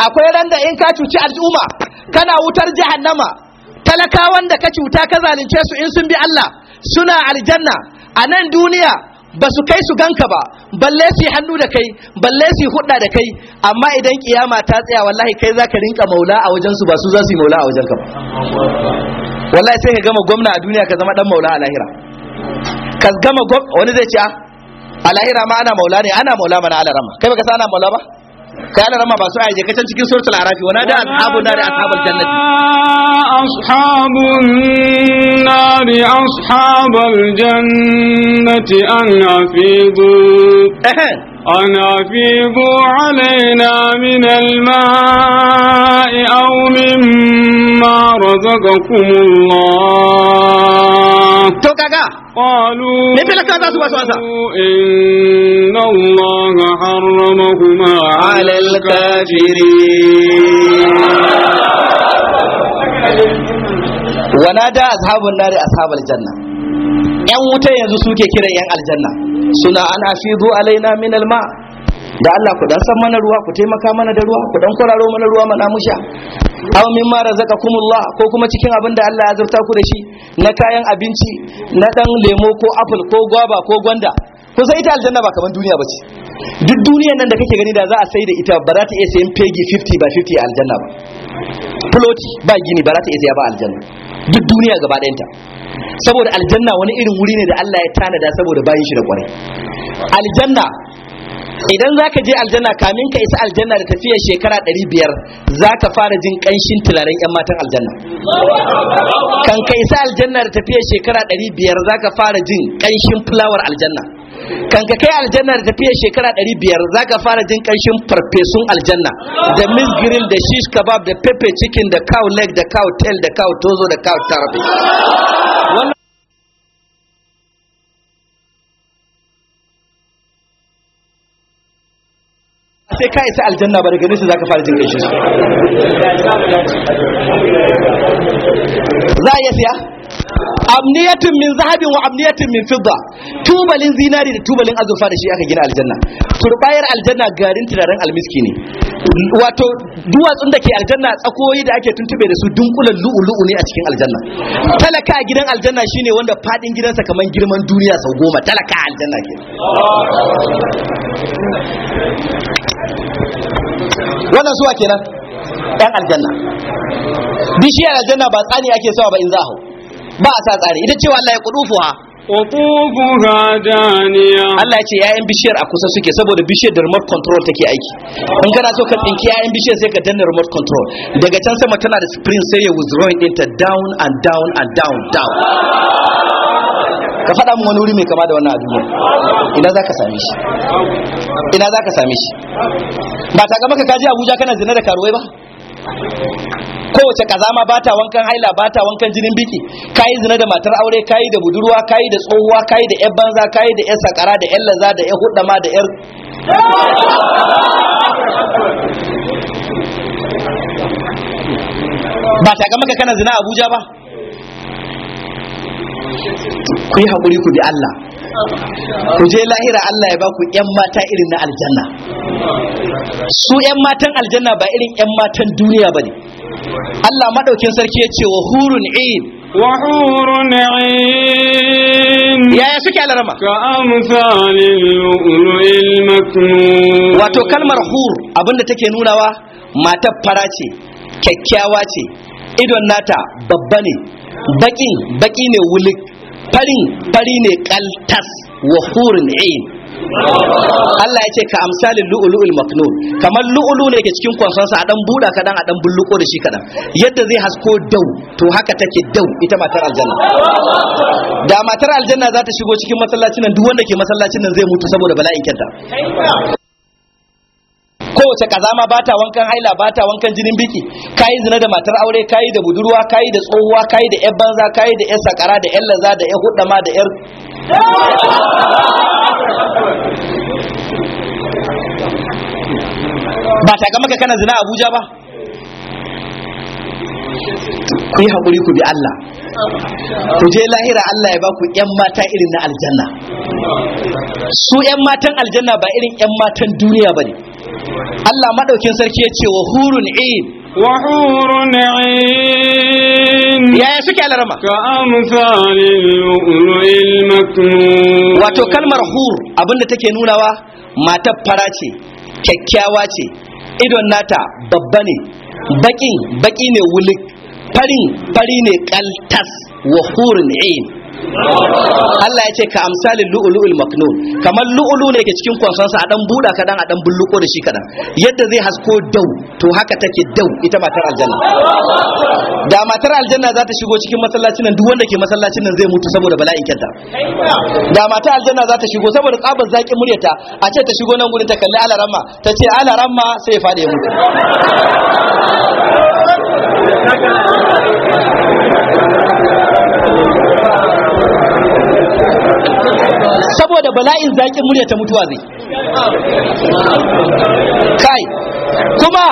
akwai ran da in ka cuci al'umma kana wutar jahannama talakawan da ka cuta ka zalunce su in sun bi Allah suna aljanna a nan duniya ba su kai su ganka ba balle su hannu da kai balle su hudda da kai amma idan kiyama ta tsaya wallahi kai zaka rinka maula a wajen su ba su za su yi maula a wajen ka ba wallahi sai ka gama gwamna a duniya ka zama dan maula a lahira ka gama gwamna, wani zai ce ah, a lahira ma ana maula ne ana maula mana alarama kai baka san ana maula ba ka rama ba su aje kacan cikin suratul arafi wana da ashabun nari ashabul jannati ashabun nari ashabul jannati an afidu أن أفيضوا علينا من الماء أو مما رزقكم الله قالوا إن الله حرمهما على الكافرين ونادى أصحاب النار ‘yan wuta yanzu suke kiran ‘yan aljanna suna ana fi alaina min alma da Allah ku dan san mana ruwa ku taimaka mana da ruwa ku dan kwararo mana ruwa mana musha aw ma razaqakumullah ko kuma cikin abin da Allah ya zarta ku da shi na kayan abinci na dan lemo ko apple ko guava ko gwanda ko sai ita aljanna ba kaman duniya bace duk duniyar nan da kake gani da za a sai da ita ba za ta iya sayan pegi 50 by 50 a aljanna ba ploti ba gini ba za ta iya saya ba aljanna duk duniya gaba ɗayanta saboda aljanna wani irin wuri ne da Allah ya tanada saboda bayin shi da kwarai aljanna idan zaka je aljanna kamin ka isa aljanna da tafiyar shekara 500 zaka fara jin kanshin tularen yan matan aljanna kan ka isa aljanna da tafiyar shekara 500 zaka fara jin kanshin fulawar aljanna kan ka kai aljanna da tafiyar shekara 500 zaka fara jin kanshin farfesun aljanna da miss grill da shish kebab da pepe chicken da cow leg da cow tail da cow tozo da cow tarabi sai ka isa aljanna ba daga nesa zaka fara jin kai shi za a siya amniyatin min zahabin wa amniyatin min fidda tubalin zinari da tubalin azurfa da shi aka gina aljanna turbayar aljanna garin turaren almiski ne wato duwatsun da ke aljanna tsakoyi da ake tuntube da su dunkulan lu'ulu'u ne a cikin aljanna talaka a gidan aljanna shi ne wanda fadin gidansa kamar girman duniya sau goma talaka a aljanna ke wannan suwa kenan yan aljanna bishiyar aljanna ba tsani ake sawa ba in za hau ba a sa tsari ita cewa Allah ya kudufuha qutufuha daniya Allah ya ce yayan bishiyar a kusa suke saboda bishiyar da remote control take aiki in kana so ka dinki yayan bishiyar sai ka danna remote control daga can sama tana da spring sai ya withdrawing ɗinta down and down and down down ka faɗa min wani wuri mai kama da wannan a ina za ka same shi ina za ka same shi ba ta maka kaji abuja kana zina da karuwai ba kowace kazama ba ta wankan haila ba ta wankan jinin biki yi zina da matar aure yi da budurwa yi da tsohuwa yi da yar banza yi da yar sakara da yar laza da yar hudama da yar ba ta maka kana zina abuja ba ku yi haƙuri ku bi Allah ku je lahira Allah ya ba ku ‘yan mata irin na aljanna su ‘yan matan aljanna ba irin ‘yan matan duniya ba ne Allah maɗaukin sarki ya ce wa hurun in wa hurun in yaya suke alarama ka amsalin lu'lu'il maknun wato kalmar hur abinda take nunawa matar fara ce kyakkyawa ce idon nata babba ne baki baki ne wulik farin fari ne kaltas wa hurin ain Allah ya ce ka amsalin lu'ulul maknun kamar lu'ulu ne ke cikin kwansansa a dan buda kadan a dan bulluko da shi kadan yadda zai hasko dau to haka take dau ita matar aljanna da matar aljanna za ta shigo cikin masallacin nan duk wanda ke masallacin nan zai mutu saboda bala'in kenta. kowace kazama ba ta wankan haila ba ta wankan jinin biki kayi zina da matar aure kayi da budurwa kayi da tsohuwa kayi da yar banza kayi da yar sakara da yar laza da yar ma da yar ba ta gama ka kana zina abuja ba ku yi haƙuri ku bi Allah ku je lahira Allah ya ba ku ‘yan mata irin na aljanna su ‘yan matan aljanna ba irin ‘yan matan duniya ba ne Allah madaukin sarki ya ce wa hurun ain wa hurun ain yaya suke alarma ka amsalil lu'lu'il maknun wato kalmar hur abinda take nunawa matar fara ce kyakkyawa ce idon nata babba ne bakin baki ne wulik farin fari ne kaltas wa hurun ain Allah ya ce ka amsalin lu'ulul maknun kamar lu'ulu ne ke cikin kwansansa a dan buda dan a dan bulluko da shi kadan yadda zai hasko dau to haka take dau ita matar aljanna da matar aljanna za ta shigo cikin masallacin nan duk wanda ke masallacin nan zai mutu saboda bala'in kenta. da matar aljanna za ta shigo saboda tsabar zakin muryata a ce ta shigo nan gurin ta kalli alarama ta ce alarama sai ya faɗi ya mutu saboda bala'in zaƙin murya ta mutuwa zai kai kuma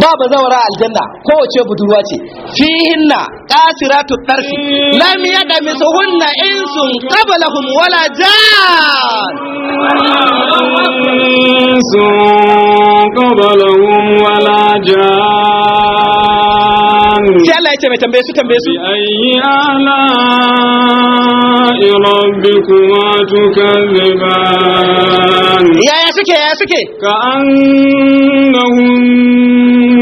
ba ba zawara aljanna kowace budurwa ce fihinna qasiratu hunna in sun ƙabala hun wala jan ƙabala hun wala jan sai Allah ya ce mai tambaye su tambaye su ayi ala rabbikuma tukazziban yaya suke yaya suke ka annahum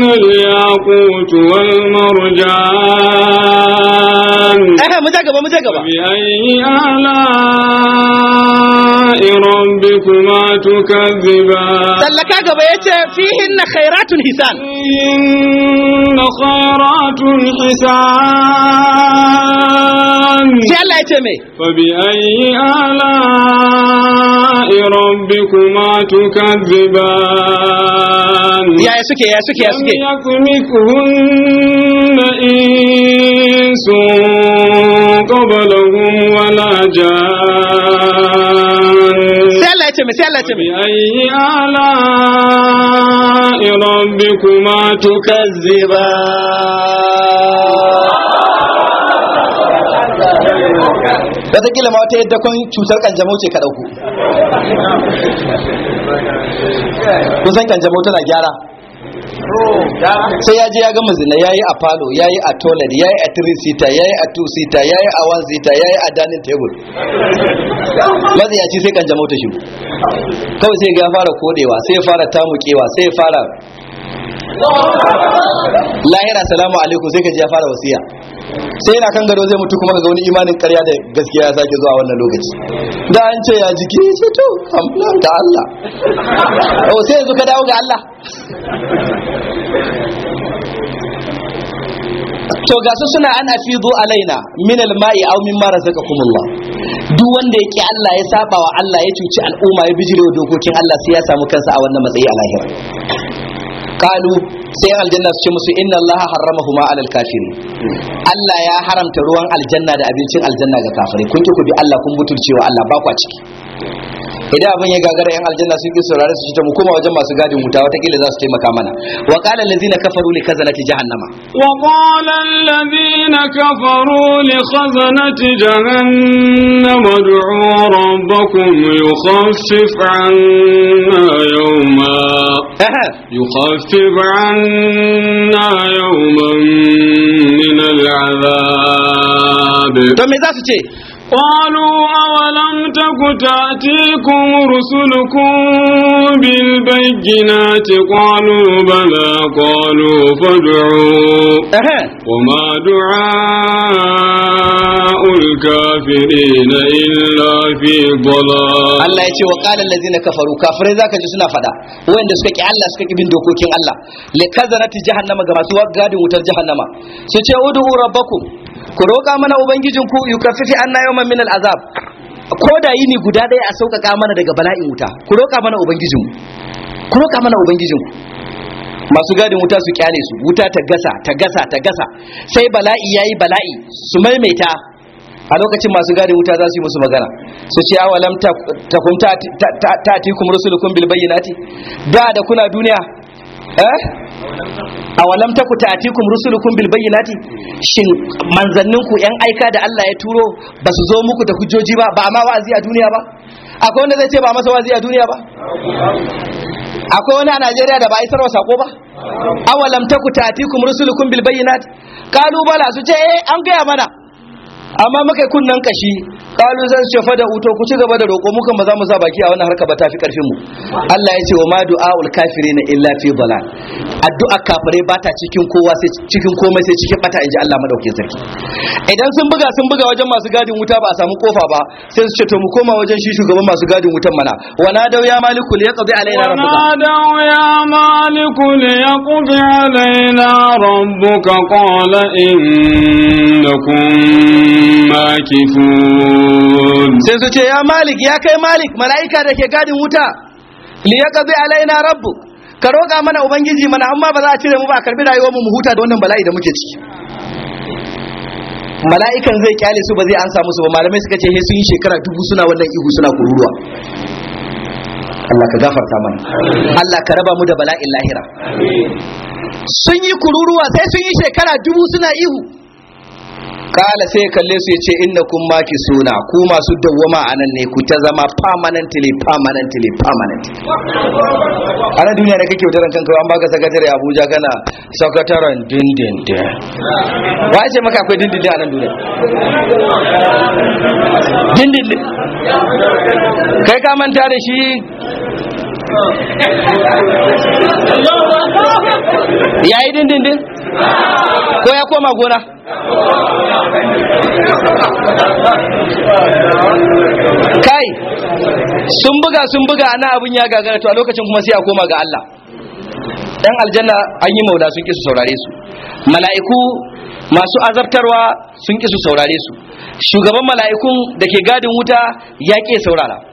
الياقوت والمرجان اها مجاكبه مجاكبه بأي آلاء ربكما تكذبان سلكا قبا يتي فيهن خيرات حسان فيهن خيرات hisan sai Allah ya ce me fa bi ayi ala rabbikuma tukadziban ya suke ya suke ya suke yakumikuhunna insun wala jaa Allah ya ce mai sai Allah ya ce mai ayi ala rabbikuma tukazziba wataƙila ma wata yadda kun cutar kanjamau ce ka ɗauko kun san kanjamau tana gyara sai ya je ya ga mazina ya yi a falo ya yi a toilet yi a three seater yi a two seater yi a one seater yi a dining table ci sai kan jama'u ta shi kawai sai ya fara kodewa sai ya fara tamukewa sai ya fara lahira salamu alaikum sai ka ji ya fara wasiya sai yana kan gado zai mutu kuma ga wani imanin karya da gaskiya ya sake zuwa wannan lokaci da an ce ya jiki shi to da Allah o oh, sai yanzu ka dawo ga Allah to gasu suna an afidu alaina min alma'i aw mimma razaqakumullah duk wanda yake Allah ya saba wa Allah ya cuci al'umma ya bijiro dokokin Allah sai ya samu kansa a wannan matsayi a lahira qalu sai yan aljanna su ce musu inna allaha harramahuma alal kafirin Allah ya haramta ruwan aljanna da abincin aljanna ga kafirai kun ki ku bi Allah kun butulcewa Allah ba kwa ciki idan abin ya gagara yan aljanna sun ki saurare su ci ta mu koma wajen masu gadin wuta watakila za su taimaka mana wa qala allazina kafaru li khazanati jahannama wa qala allazina kafaru li khazanati jahannama ud'u rabbakum yukhaffif 'anna yawma yukhaffif 'anna لهن يوما من العذاب قالوا أولم تك تأتيكم رسلكم بالبينات قالوا بلى قالوا فادعوا وما دعاء الكافرين إلا في ضلال الله يتي وقال الذين كفروا كافرين ذاك جسنا فدا وين دسكك الله سكك بين دوكوكين الله لكذا لكذرة جهنم كما سوى قادم وتر جهنم سيتي ربكم ku roƙa mana ubangijin ku yukaffifi anna yawman min al'azab ko da yini guda ɗaya a sauƙaƙa mana daga bala'in wuta ku roƙa mana ubangijin ku roƙa mana ubangijin ku masu gadin wuta su kyale su wuta ta gasa ta gasa ta gasa sai bala'i yayi bala'i su maimaita a lokacin masu gadin wuta za su yi musu magana su ce awalam takum ta ta ta ta ta da da kuna duniya eh ku taku kum rusulukum bil bayyinati shin manzannin ku yan aika da Allah ya turo ba su zo muku da hujjoji ba ba ma wa'azi a duniya ba akwai wanda zai ce ba masa wa'azi a duniya ba akwai wani a Najeriya da ba a wa sako ba A ku taku kum rusulukum bil bayyinati kalu bala su ce eh an gaya mana amma muka kunnan kashi kalu zan ce fa da uto ku ci gaba da roƙo muka ba za mu sa baki a wannan harka ba ta fi karfin mu Allah ya ce wa ma du'aul kafirin illa fi dalal addu'a kafire ba ta cikin kowa sai cikin komai sai cikin bata inji Allah madaukakin sarki idan sun buga sun buga wajen masu gadin wuta ba a samu kofa ba sai su ce to mu koma wajen shi shugaban masu gadin wutan mana wa na dau ya maliku li yaqdi alaina rabbuka wa na dau ya maliku li yaqdi alaina rabbuka qala innakum makifun sai su ce ya malik ya kai malik mala'ika da ke gadin wuta liyaqdi alaina rabbu ka roƙa mana ubangiji mana amma ba za a cire mu ba a karbi rayuwar mu mu huta da wannan bala'i da muke ciki mala'ikan zai kyale su ba zai ansa musu ba malamai suka ce sun yi shekara dubu suna wannan ihu suna kururuwa Allah ka gafarta mana Allah ka raba mu da bala'in lahira sun yi kururuwa sai sun yi shekara dubu suna ihu kala sai kalle su yace ce inna kun maki suna ku masu dawwama a nan ne ku ta zama permanently permanently permanently a nan duniya da kake wutaran kanka an baka sakatare abuja kana sakataren dindindin wai ce maka akwai dindindin a nan duniya dindindin kai ka manta da shi yayi dindindin ko ya koma gona kai sun buga sun buga ana abin ya gagara to a lokacin kuma sai a koma ga Allah dan aljanna an yi mauda sun ki saurare su mala'iku masu azabtarwa sun ki su saurare su shugaban mala'ikun da ke gadin wuta ya ke saurara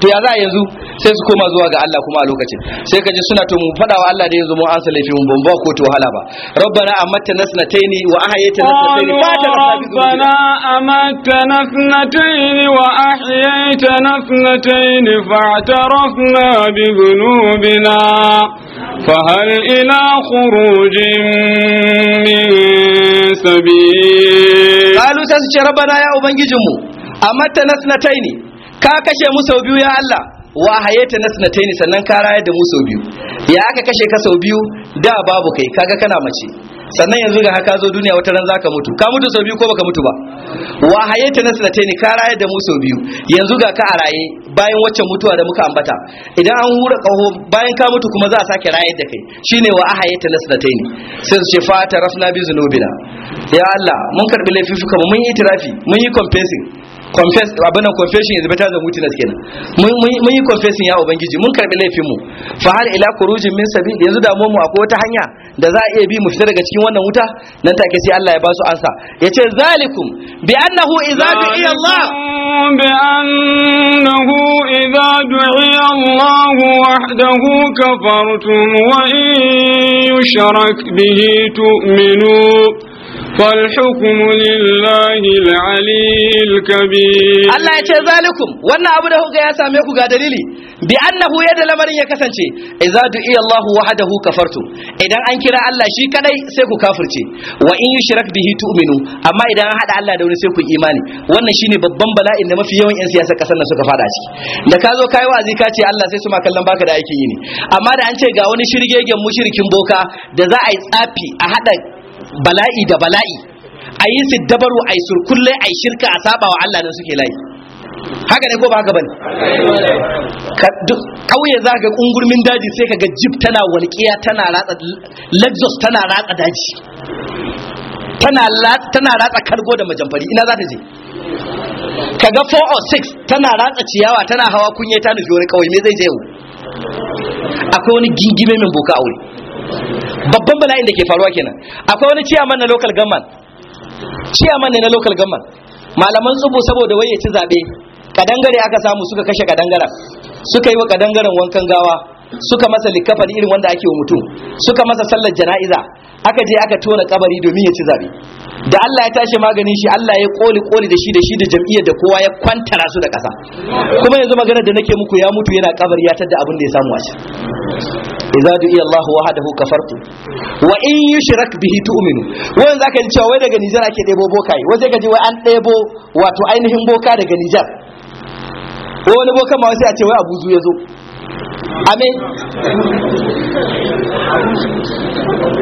to ya za a yanzu sai su koma zuwa ga Allah kuma a lokacin sai ka ji suna to mu fada wa Allah da yanzu mun ansa laifi mun ba ko to wahala ba rabbana amatta nasnataini wa ahyaita nasnataini fa ta rabbana amatta nasnataini wa ahyaita nasnataini fa tarafna bi dhunubina hal ila khurujin min sabil qalu سيسي ce rabbana ya ubangijinmu amatta nasnataini ka kashe mu sau biyu ya Allah wa hayata nasnataini sannan ka rayar da mu sau biyu ya aka kashe ka sau biyu da babu kai kaga kana mace sannan yanzu ga haka zo duniya wata ran zaka mutu ka mutu sau biyu ko baka mutu ba wa hayata nasnataini ka rayar da mu sau biyu yanzu ga ka a raye bayan waccan mutuwa da muka ambata idan an hura kaho bayan ka mutu kuma za a sake rayar da kai shine wa sanatai nasnataini sai su ce fata rafna bi zunubina ya Allah mun karbi laifuka mun yi tirafi mun yi confessing confess abin confession is better than witness kenan mun yi confessing ya ubangiji mun karbi laifin mu fa hal ila khurujin min sabil yanzu da mu akwai wata hanya da za a iya bi mu fita daga cikin wannan wuta nan take sai Allah ya ba su ansa yace zalikum bi annahu idza du'iya Allah bi annahu idza du'i Allah wahdahu kafartum wa in yushrak bihi tu'minu فالحكم لله العلي الكبير الله يتي ذلكم wannan abu da kuka ya same ku ga dalili bi annahu yadda lamarin ya kasance idza du'iya Allah wahdahu kafartum idan an kira Allah shi kadai sai ku kafirce wa in yushrak bihi tu'minu amma idan an hada Allah da wani sai ku imani wannan shine babban bala'in da mafi yawan yan siyasar kasar nan suka fada ciki da ka zo kai wazi ka ce Allah sai su ma kallon baka da aikin yi ne amma da an ce ga wani shirgegen mushrikin boka da za a yi tsafi a hada bala'i da bala'i a yi su dabaru a yi surkulle a yi shirka a saba wa Allah nan suke layi haka ne ko ba haka bane kauye za ka ungurmin daji sai ka ga jib tana walƙiya tana ratsa lexus tana ratsa daji tana ratsa kargo da majamfari ina za ta je ka ga 406 tana ratsa ciyawa tana hawa kunye ta nufi wani kawai me zai je yau akwai wani gingime min boka aure babban bala'in da ke faruwa kenan akwai wani ciyaman na local government ciyaman ne na local government malaman tsubu saboda wai ya ci zabe kadangare aka samu suka kashe kadangaren suka yi wa kadangaren wankan gawa suka masa likafani irin wanda ake wa mutum suka masa sallar jana'iza aka je aka tona kabari domin ya ci zabe da Allah ya tashi maganin shi Allah ya koli koli da shi da shi da jam'iyyar da kowa ya kwantara su da ƙasa kuma yanzu magana da nake muku ya mutu yana kabari ya tadda abin da ya samu a shi idza du'iya Allahu wahdahu kafartu wa in yushrak bihi tu'minu wannan zaka ji cewa wai daga Nijar ake ɗebo bokai wai sai ka ji wai an ɗebo wato ainihin boka daga Nijar wani bokan ma sai a ce wai Abuzu ya zo amin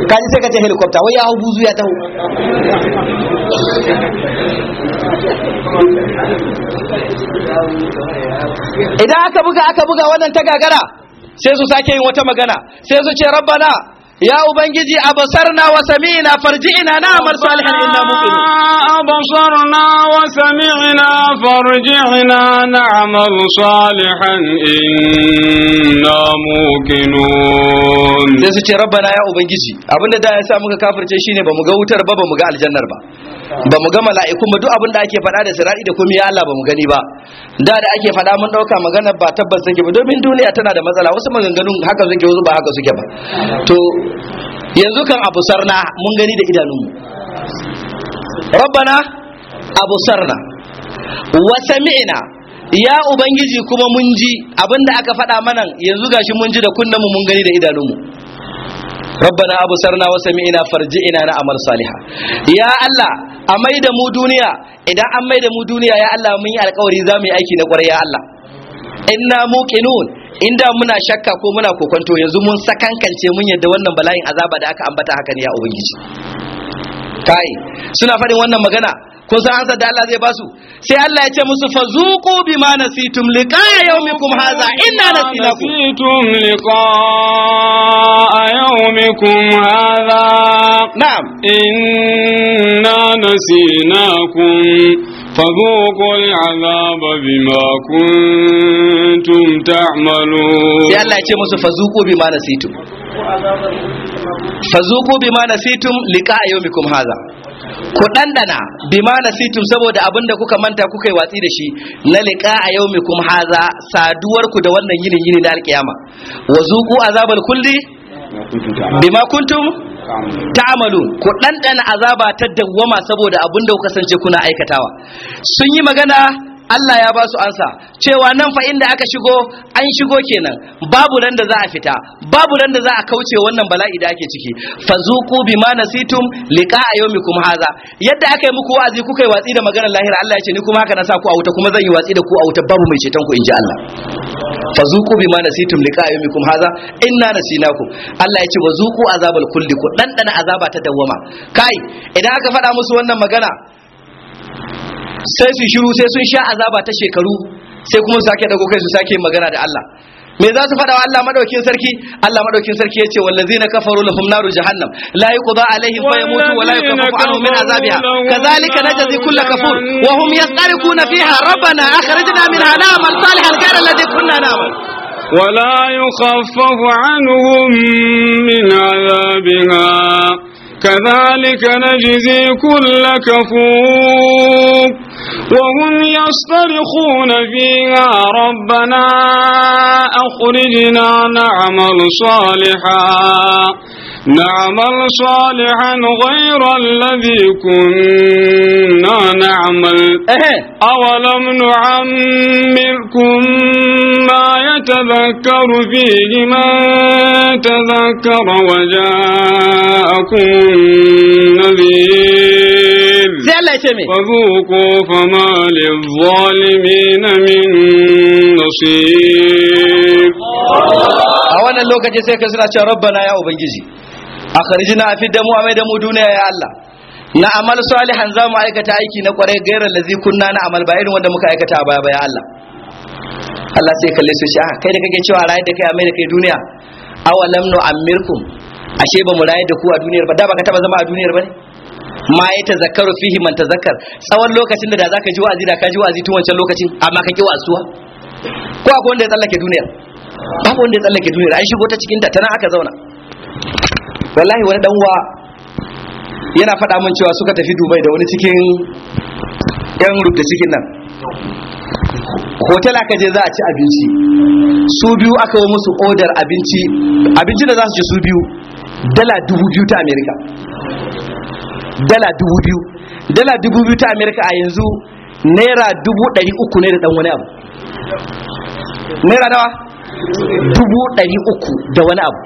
kaji sai ka ce helicopter wai ya hau buzu ya taho idan aka buga aka buga wannan ta gagara sai su sake yin wata magana sai su ce rabbana يا أبنجي na وسمعنا فرجعنا نعمل صالحا إنا موقنون أبصرنا وسمعنا فرجعنا نعمل صالحا إنا موقنون sai su ce rabbana ya ubangiji abinda da ya sa muka kafirce shine bamu ga wutar ba bamu ga aljannar ba bamu ga mala'ikun ba duk abinda ake faɗa da sirari da kuma ya Allah bamu gani ba da da ake faɗa mun ɗauka magana ba tabbas zan take ba domin duniya tana da matsala wasu maganganun haka suke wasu ba haka suke ba to yanzu kan abu sarna mun gani da idanunmu rabbana sarna wa sami'na ya ubangiji kuma mun ji abinda aka faɗa mana yanzu gashi mun ji da kunnenmu mun gani da idanunmu rabbana sarna wa sami'na farji'na na amal saliha ya allah a mai da mu duniya idan an mai da mu duniya ya allah mun yi alkawari za mu yi aiki na ƙwarai ya allah inna muqinun inda muna shakka ko muna kokonto yanzu mun sakankance mun yadda wannan bala'in azaba da aka ambata haka ne ya ubangiji kai suna faɗin wannan magana kun san an da Allah zai ba su sai Allah ya ce musu fazuqu bima nasitum liqa'a yawmikum hadha inna nasinakum nasitum liqa'a yawmikum hadha na'am inna nasinakum فذوقوا العذاب بما كنتم تعملون يا الله ya ce musu fazuqu bima nasitum fazuqu bima nasitum liqa'a yawmikum hadha ku dandana na nasitum saboda abinda kuka manta kuka yi watsi da shi na a mai kuma haza, saduwar ku da wannan yinin yini da alkiyama wa zuqu azabal kulli ma kuntum ta'amalu ku ɗanɗana azaba ta dawwama saboda abin da kuka sance kuna aikatawa sun yi magana Allah ya ba su ansa cewa nan fa inda aka shigo an shigo kenan babu ran da za a fita babu ran da za a kauce wannan bala'i da ake ciki fazuqu bima nasitum liqa yawmikum haza yadda aka yi muku wa'azi kuka yi watsi da maganar lahira Allah ya ce ni kuma haka na sa ku a wuta kuma zan yi watsi da ku a wuta babu mai ceton ku inji Allah fazuqu bima nasitum liqa yawmikum haza inna nasinakum Allah ya ce wazuku azabal kulli ku dan azaba ta dawwama kai idan aka faɗa musu wannan magana sai su shiru sai sun sha azaba ta shekaru sai kuma su sake dago kai su sake magana da Allah me za su faɗa wa Allah madaukin sarki Allah madaukin sarki yace wallazina kafaru lahum naru jahannam la yuqda alaihim fayamutu wa la yukaffafu anhum min azabiha kadhalika najzi kull kafur wa hum yastarikuna fiha rabbana akhrijna minha na'mal salihan ghayra alladhi kunna na'mal ولا يخفف عنهم من عذابها كذلك نجزي كل kafur. وهم يصطرخون فيها ربنا أخرجنا نعمل صالحا نعمل صالحا غير الذي كنا نعمل أولم نعمركم ما يتذكر فيه من تذكر وجاءكم النذير فذوقوا فما للظالمين من نصير أولا لو lokaci يسير ka suna cewa rabbana akhrijna fi damu amai damu duniya ya Allah na amal salihan za mu aikata aiki na kwarai gairar lazi kunna na amal ba irin wanda muka aikata a baya ya Allah Allah sai kalle su sha kai da kake cewa rayar da kai amai da kai duniya awalam nu amirkum ashe ba mu rayar da ku a duniyar ba da baka taba zama a duniyar ba ne ma ya tazakkaru fihi man tazakkar tsawon lokacin da da zaka ji wa'azi da ka ji wa'azi tun wancan lokacin amma ka ki wa'azuwa ko akwai wanda ya tsallake duniyar babu wanda ya tsallake duniyar an shigo ta cikin ta tana aka zauna wallahi wani dan uwa yana faɗa mun cewa suka tafi dubai da wani cikin yan rubuta cikin nan hotel aka je za a ci abinci su biyu aka yi musu odar abinci abinci da za su ci su biyu dala dubu biyu ta amerika dala dubu biyu dala dubu biyu ta amerika a yanzu naira dubu ɗari uku ne da ɗan wani abu naira nawa dubu ɗari uku da wani abu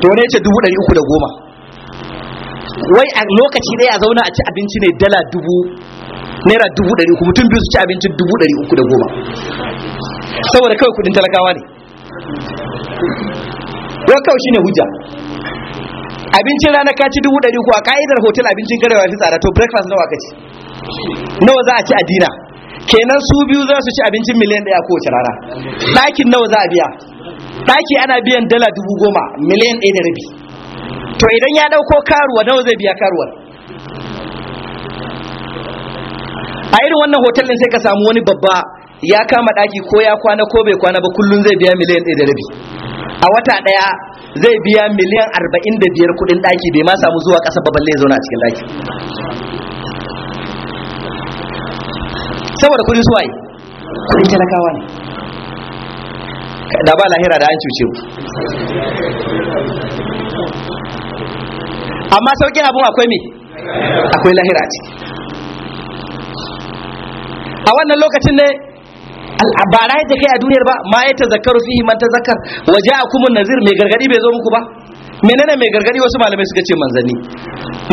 to ne ce dubu ɗari uku da goma wai a lokaci ɗaya a zauna a ci abinci ne dala dubu naira dubu ɗari uku mutum biyu su ci abincin dubu ɗari uku da goma saboda kawai kudin talakawa ne wai kawai shine hujja abincin rana ka ci dubu ɗari uku a ka'idar hotel abincin karewa fi tsada to breakfast nawa ka ci nawa za a ci a dina kenan su biyu za su ci abincin miliyan ɗaya kowace rana ɗakin nawa za a biya ɗaki ana biyan dala dubu goma miliyan ɗaya da rabi to idan ya ɗauko karuwa nawa zai biya karuwar a irin wannan hotel ɗin sai ka samu wani babba ya kama ɗaki ko ya kwana ko bai kwana ba kullum zai biya miliyan ɗaya da rabi a wata ɗaya zai biya miliyan arba'in da biyar kuɗin ɗaki bai ma samu zuwa ƙasa ba balle zauna a cikin ɗaki saboda kudin suwaye kudin talakawa ne da ba lahira da an cuce mu. amma sauƙin abin akwai me akwai lahira ce a wannan lokacin ne ba raye kai a duniyar ba ma ya tazakkaru fihi man tazakkar waje a kuma nazir mai gargadi bai zo muku ba menene mai gargadi wasu malamai suka ce manzanni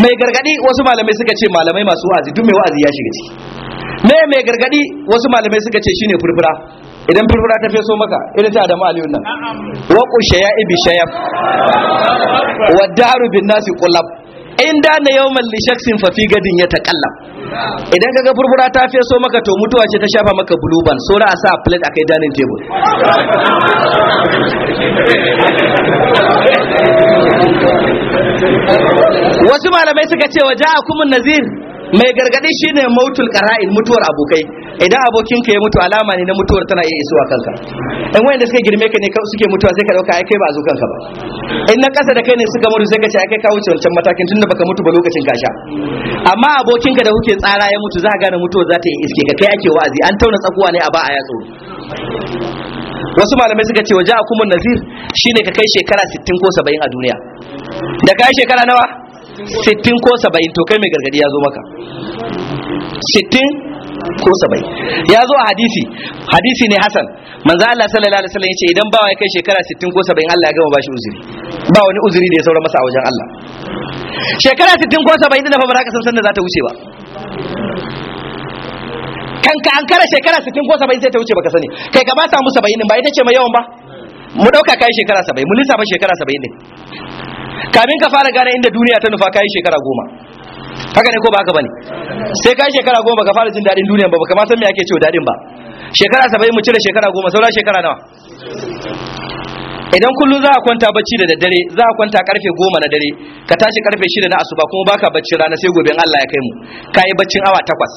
mai gargadi wasu malamai suka ce malamai masu wa'azi duk mai wa'azi ya shiga ciki me mai gargadi wasu malamai suka ce shine furfura idan furfura ta feso maka irin ta Adamu Aliyu nan wa qushaya ibi shayab wa daru bin nasi qulab inda na yawmal li shaksin fa fi gadin ya taqallab idan kaga furfura ta fi so maka to mutuwa ce ta shafa maka buluban sora a sa plate akai dining table wasu malamai suka ce wa ja'a kumun nazir mai gargadi shine mautul qara'in mutuwar abokai idan abokin ka ya mutu alama ne na mutuwar tana iya isuwa kanka in wanda suka girme ka ne suke mutuwa sai ka dauka ai kai ba zo kanka ba in na kasa da kai ne suka mutu sai ka ce ai kai ka wuce wancan matakin tunda baka mutu ba lokacin ka sha amma abokin ka da kuke tsara ya mutu za ka gane mutuwar za ta yi iske ka kai ake wa'azi an tauna tsakuwa ne a ba a ya tsoro. wasu malamai suka ce waje kuma nazir shine ka kai shekara 60 ko 70 a duniya da kai shekara nawa sittin ko saba'in to kai mai gargadi ya zo maka sittin ko saba'in ya zo a hadisi hadisi ne hasan manzo Allah sallallahu alaihi wasallam yace idan bawa ya kai shekara sittin ko saba'in Allah ya gama bashi uzuri ba wani uzuri da ya saura masa a wajen Allah shekara sittin ko saba'in da fa ba za ka san sanda za ta wuce ba ka an kara shekara sittin ko saba'in sai ta wuce baka sani kai ka ba samu saba'in ba ita ce mai yawan ba mu dauka kai shekara saba'in mu lissafa shekara saba'in ne kamin ka fara gane inda duniya ta nufa kai shekara goma haka ne ko ba haka bane sai kai shekara goma baka fara jin dadin duniya ba baka ma san me ake cewa dadin ba shekara 70 mu cire shekara goma saura shekara nawa idan kullum za a kwanta bacci da daddare za a kwanta karfe goma na dare ka tashi karfe shida na asuba kuma baka bacci rana sai gobe Allah ya kai mu ka yi baccin awa takwas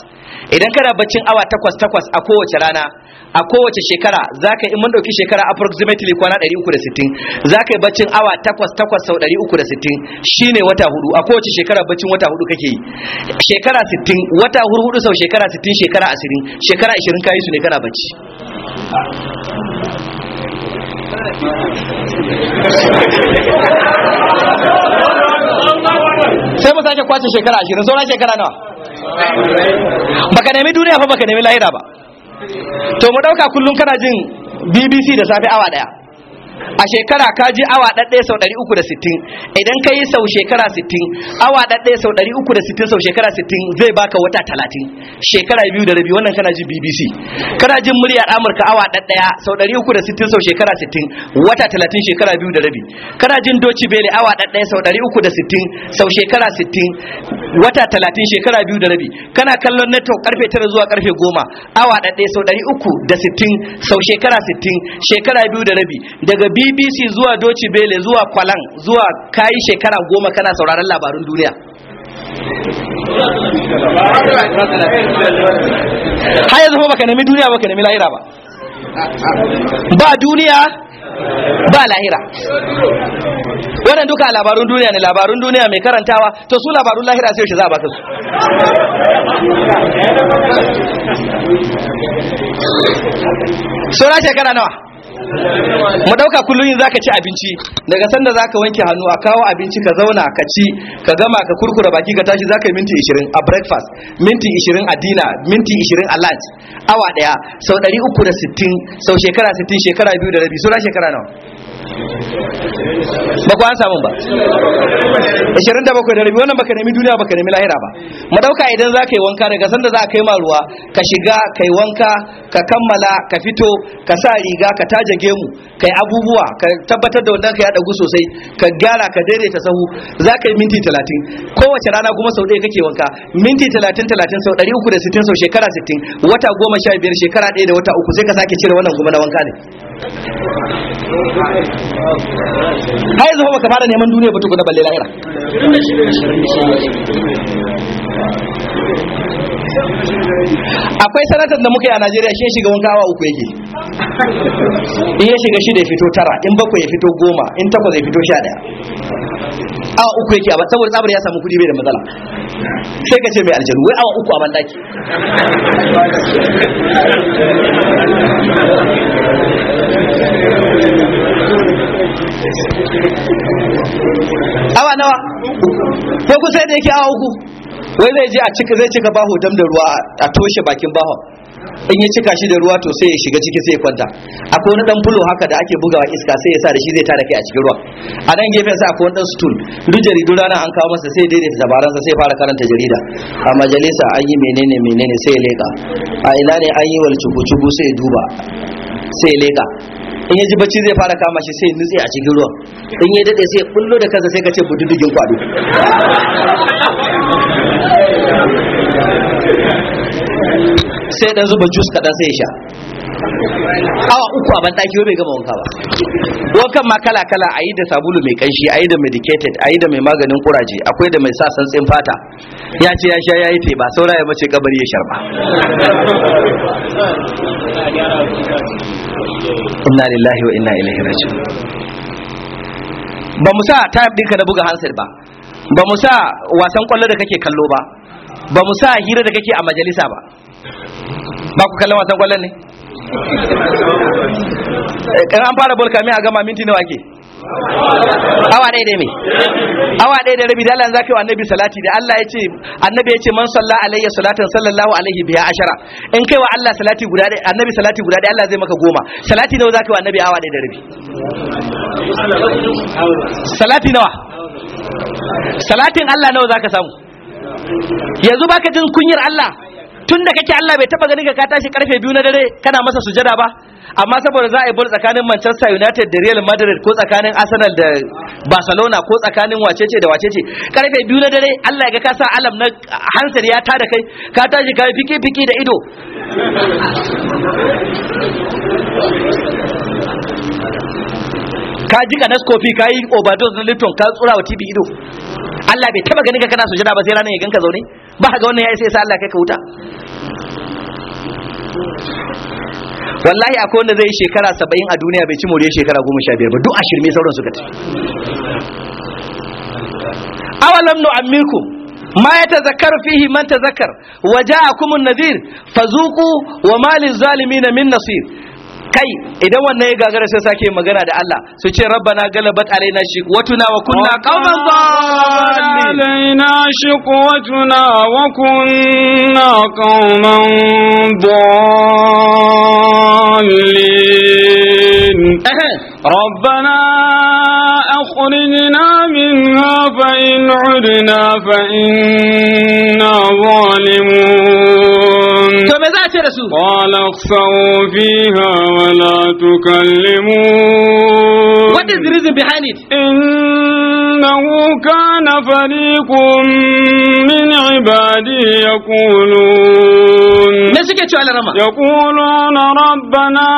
idan kana baccin awa takwas takwas a kowace rana a kowace shekara za ka in mun ɗauki shekara approximately kwana 360 za ka yi baccin awa takwas takwas sau 360 shine wata hudu a kowace shekara baccin wata hudu kake yi shekara 60 wata hudu hudu sau shekara 60 shekara 20 shekara 20 ka yi su ne kana bacci sai mu sake kwace shekara ashirin sauran shekara nawa baka nemi duniya fa baka nemi lahira ba to mu dauka kullum kana jin bbc da safe awa daya a shekara ka je awa ɗaɗɗaya sau ɗari uku da sittin idan ka yi sau shekara sittin awa ɗaɗɗaya sau ɗari uku da sittin sau shekara sittin zai baka wata talatin shekara biyu da rabi wannan kana jin bbc kana jin muryar amurka awa ɗaɗɗaya sau ɗari uku da sittin sau shekara sittin wata talatin shekara biyu da rabi kana jin doci bele awa ɗaɗɗaya sau ɗari uku da sittin sau shekara sittin wata talatin shekara biyu da rabi kana kallon network karfe tara zuwa karfe goma awa ɗaɗɗaya sau ɗari uku da sittin sau shekara sittin shekara biyu da rabi daga daga bbc zuwa doci bele zuwa kwalan zuwa kayi shekara goma kana sauraron labarun duniya har yanzu ba baka nemi duniya baka nemi lahira ba ba duniya ba lahira wannan duka labarun duniya ne labarun duniya mai karantawa to su labarun lahira sai shi za a baka su sauran shekara nawa mu dauka kullun yin zaka ci abinci daga sanda zaka wanke hannu a kawo abinci ka zauna ka ci ka gama ka kurkura baki ka tashi zaka yi minti 20 a breakfast minti 20 a dinner minti 20 a lunch awa daya sau 360 sau shekara 60 shekara biyu da rabi sura shekara nawa ba ku an samu ba 27 da rabi wannan baka nemi duniya baka nemi lahira ba mu dauka idan za ka yi wanka daga sanda za a kai maluwa ka shiga ka yi wanka ka kammala ka fito ka sa riga ka taje gemu ka yi abubuwa ka tabbatar da wannan ka ya dagu sosai ka gyara ka daidaita sahu za ka yi minti 30 kowace rana kuma sau ɗaya kake wanka minti 30 30 sau 360 sau shekara 60 wata 15 shekara ɗaya da wata uku sai ka sake cire wannan kuma na wanka ne hai yanzu baka fara neman duniya ba tukuna balle lahira akwai sanatar da muka yi a najeriya shi ya shiga wanka awa uku yake in ya shiga shida ya fito tara in bakwai ya fito goma in takwas ya fito sha daya awa uku yake a saboda tsabar ya samu kudi bai da matsala sai ka ce mai aljanu wai awa uku a bandaki awa nawa ko kusa da yake awa uku wai zai je a cika zai cika ba hoton da ruwa a toshe bakin baho in ya cika shi da ruwa to sai ya shiga ciki sai ya kwanta akwai wani dan fulo haka da ake bugawa iska sai ya sa da shi zai tara kai a cikin ruwa a nan gefen sa akwai wani dan stool duk jaridu rana an kawo masa sai daidaita sa sai fara karanta jarida a majalisa an yi menene menene sai ya leka a ina ne an yi wal cubu sai ya duba sai ya leka in ya ji bacci zai fara kama shi sai nutse a cikin ruwa? in ya dade sai kullo da kansa sai ka ce dugin kwado sai dan zuba jus kaɗan sai sha awa uku a banɗaki bai gama wanka ba wankan ma kala kala a yi da sabulu mai kanshi yi da medicated yi da mai maganin kuraje akwai da mai sa santsin fata ya ce ya sha ya yi ba saura ya mace kabari ya sharba inna lillahi wa inna ilaihi raji. ba mu sa tayar ɗinka na buga hansar ba ba mu sa wasan kwallo da kake kallo ba ba mu sa hira da kake a majalisa ba ba ku kallon wasan kwallon ne eh, kan an fara bol kamin a gama minti nawa ke awa ɗaya dai me awa ɗaya da rabi da Allah zaka yi annabi salati da Allah ya ce annabi ya ce man salla alayya salatan sallallahu alaihi biya ashara in kai wa Allah salati guda ɗaya annabi salati guda ɗaya Allah zai maka goma salati nawa zaka yi wa annabi awa ɗaya da rabi salati nawa salatin Allah nawa zaka samu yanzu baka jin kunyar Allah tun da kake Allah bai taba ganin ka tashi karfe biyu na dare kana masa sujada ba amma saboda za a yi bol tsakanin Manchester United da Real Madrid ko tsakanin Arsenal da Barcelona ko tsakanin wacece da wacece karfe biyu na dare Allah ya ga ka sa alam na hansar ya tada kai ka tashi ka fiki fiki da ido ka ji ka naskofi ka yi overdose na Lipton ka tsura wa Tibi ido Allah bai taba ganin ka kana sujada ba sai ranar ya ganka zaune ba ga wannan yayi sai sa Allah kai ka huta wallahi akwai wanda zai shekara saba'in a duniya bai ci moriya shekara goma sha biyar ba duk a shirme sauran suka ci awalam nu amirku ma ya tazakkar fihi man tazakkar wa ja'akumun nadhir fazuqu wa ma zalimi zalimin min nasir kai idan wannan ya gagara sai sake magana da Allah su ce rabbana galabat alaina watuna wa kunna qauman dhalin alaina watuna wa kunna qauman dhalin rabbana أخرجنا منها فإن عدنا فإنا ظالمون ce da su qala khsawu fiha wa la tukallimu what is the reason behind it innahu kana fariqun min ibadi yaqulun me suke cewa larama yaquluna rabbana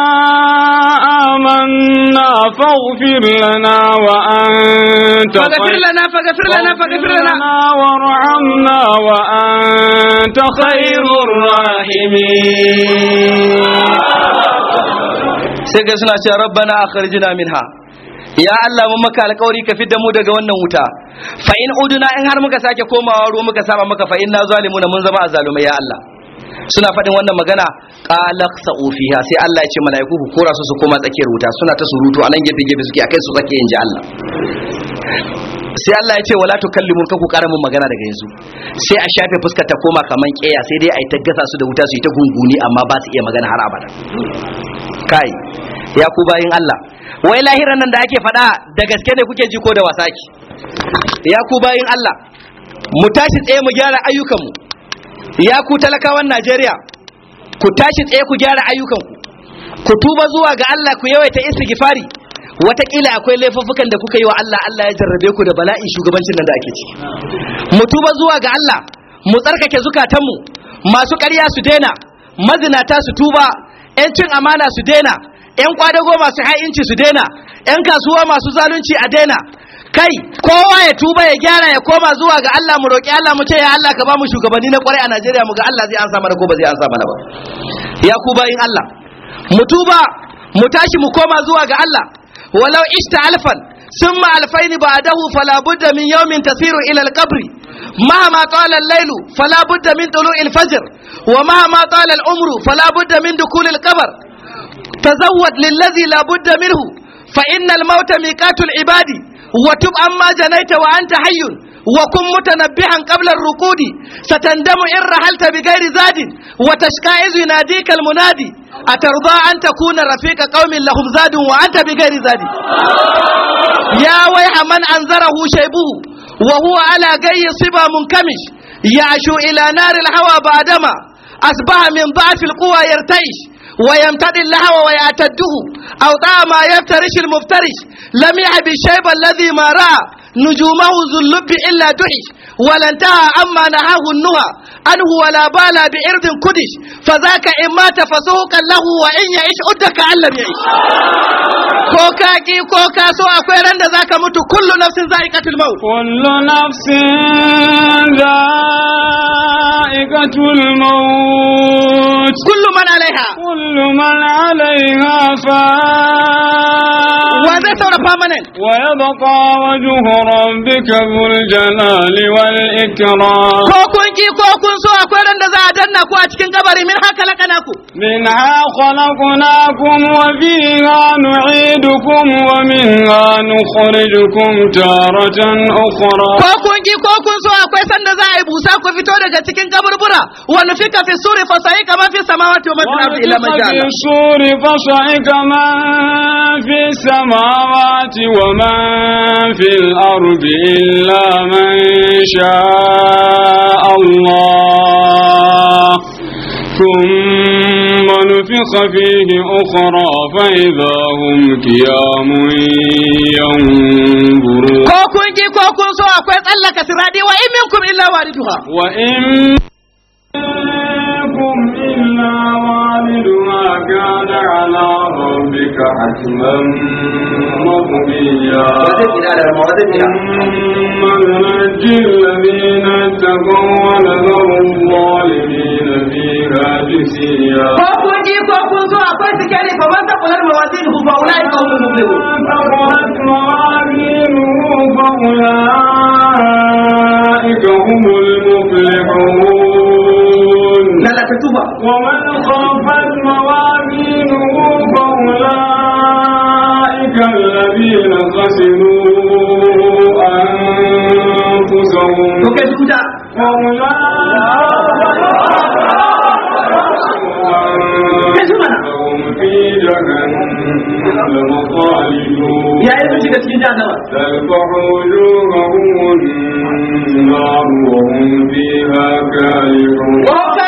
آمنا فاغفر لنا وأنت فاغفر لنا فاغفر لنا فاغفر لنا وارحمنا وأنت خير الراحمين sai ga suna cewa rabbana akhrijna minha ya Allah mun maka alƙawari ka fidda mu daga wannan wuta fa in uduna in har muka sake komawa ruwa muka saba maka fa inna zalimuna mun zama azalumai ya Allah suna faɗin wannan magana qalaq sa'ufiha sai Allah ya ce mala'iku ku kora su su koma tsakiyar wuta suna ta surutu anan gefe gefe suke akai su tsakiyar inji Allah sai Allah ya ce wala tukallimun ka ku ƙara mun magana daga yanzu sai a shafe fuskar ta koma kaman ƙeya, sai dai a yi ta gasa su da wuta su yi ta gunguni amma ba su iya magana har abada kai ya ku bayin Allah wai lahiran nan da ake faɗa da gaske ne kuke ji ko da wasaki ya ku bayin Allah mu tashi tsaye mu gyara ayyukanmu ya ku talakawan Najeriya ku tashi tsaye ku gyara ayyukanku ku tuba zuwa ga Allah ku yawaita istighfari watakila akwai laifuffukan da kuka yi wa Allah Allah ya jarrabe ku da balai shugabancin nan da ake ci mu tuba zuwa ga Allah mu tsarkake zukatanmu masu ƙarya su daina mazinata su tuba yan cin amana su daina yan kwadago masu ha'inci su daina yan kasuwa masu zalunci a daina kai kowa ya tuba ya gyara ya koma zuwa ga Allah mu roki Allah mu ce ya Allah ka bamu mu shugabanni na kwarai a Najeriya mu ga Allah zai ansa mana ko ba zai ansa mana ba ya ku Allah mu tuba mu tashi mu koma zuwa ga Allah walau ista alfan sun ma ba a dahu falabudda min yaumin tasiru ila alkabri mahama talar lailu falabudda min tulu ilfajir wa mahama talar umru falabudda min dukulil kabar tazawwad lillazi labudda minhu fa innal mauta miqatul ibadi وتب أما جنيت وأنت حي وكن متنبها قبل الركود ستندم إن رحلت بغير زاد وتشكى إذ يناديك المنادي أترضى أن تكون رفيق قوم لهم زاد وأنت بغير زاد يا ويح من أنذره شيبه وهو على جي صبا منكمش يعشو إلى نار الهوى بعدما أصبح من ضعف القوى يرتعش ويمتدي اللهو ويعتده أو دع ما يفترش المفترش لم يعب الشيب الذي ما رأى نجومه ذو اللب إلا دعش ولا انتهى عما نهاه النهى أنه ولا بالى بإرض كدش فذاك إن مات فسوقا له وإن يعيش أدك أن لم يعيش كوكا كي كوكا سوى أكويران ذاك مت كل نفس ذائقة الموت كل نفس ذائقة ذائقة الموت كل من عليها كل من عليها فان ويبقى وجه ربك ذو الجلال والإكرام ko kun ki ko kun so akwai ran da za sanya ku a cikin kabari min haka lakanaku min ha khalaqnakum wa fiha nu'idukum wa minha nukhrijukum taratan ukhra ko kun ki ko kun so akwai sanda za a yi busa ku fito daga cikin kaburbura wa nufika fi suri fa sai kama fi samawati wa man fil ardi ila majalla fi suri fa sai kama fi samawati wa man fil ardi illa man sha Allah ثم نفخ فيه أخرى فإذا هم قيام ينظرون كوكو كوكو ألا كسرادي وإن منكم إلا واردها وإن منكم إلا واردها كان على ربك حتما مقضيا ثم ننجي الذين اتقوا ونذر الظالمين فيها جثيا فأولئك هم المفلحون. ثقلت موازينه فأولئك هم المفلحون. Allah ta tuba wa man khafat mawazinuhu fa ulaika alladhina khasiru anfusahum to kai tuta wa يا أيها الذين آمنوا تلفح وجوههم النار وهم فيها كالحون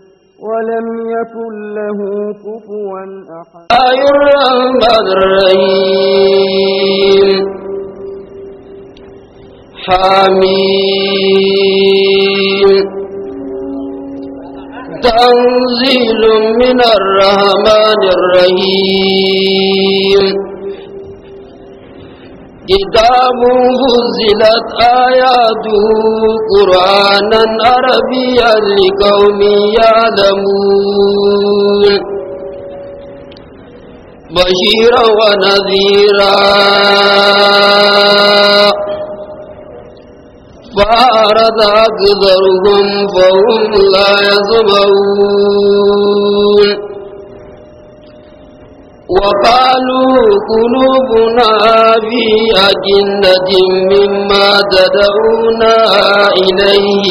ولم يكن له كفوا أحد آي الرحمن الرحيم حميم تنزيل من الرحمن الرحيم كتاب فزلت آياته قرآنا عربيا لقوم يعلمون بشيرا ونذيرا فأرد أكثرهم فهم لا يسمعون وقالوا قلوبنا في أجنة مما تدعونا إليه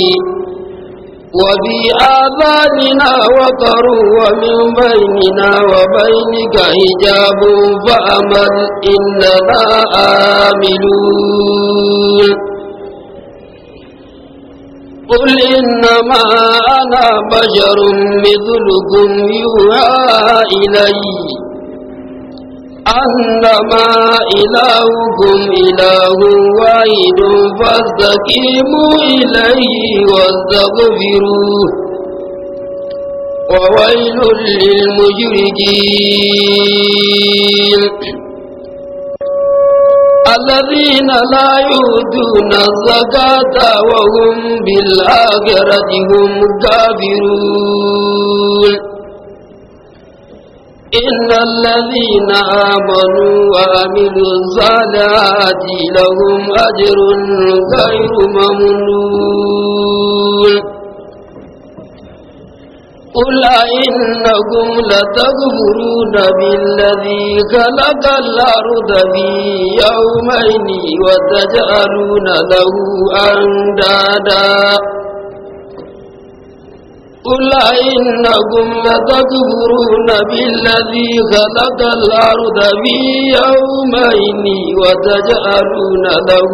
وفي آذاننا وقر ومن بيننا وبينك حجاب فأمل إننا آمنون قل إنما أنا بشر مثلكم يوحى إليّ أنما إلهكم إله واحد فاستقيموا إليه واستغفروه وويل للمشركين الذين لا يؤتون الزكاة وهم بالآخرة هم كافرون إن الذين آمنوا وعملوا الصالحات لهم أجر غير ممنون قل إنكم لتكفرون بالذي خلق الأرض في يومين وتجعلون له أندادا قل إنكم لتكفرون بالذي خلق الأرض في يومين وتجعلون له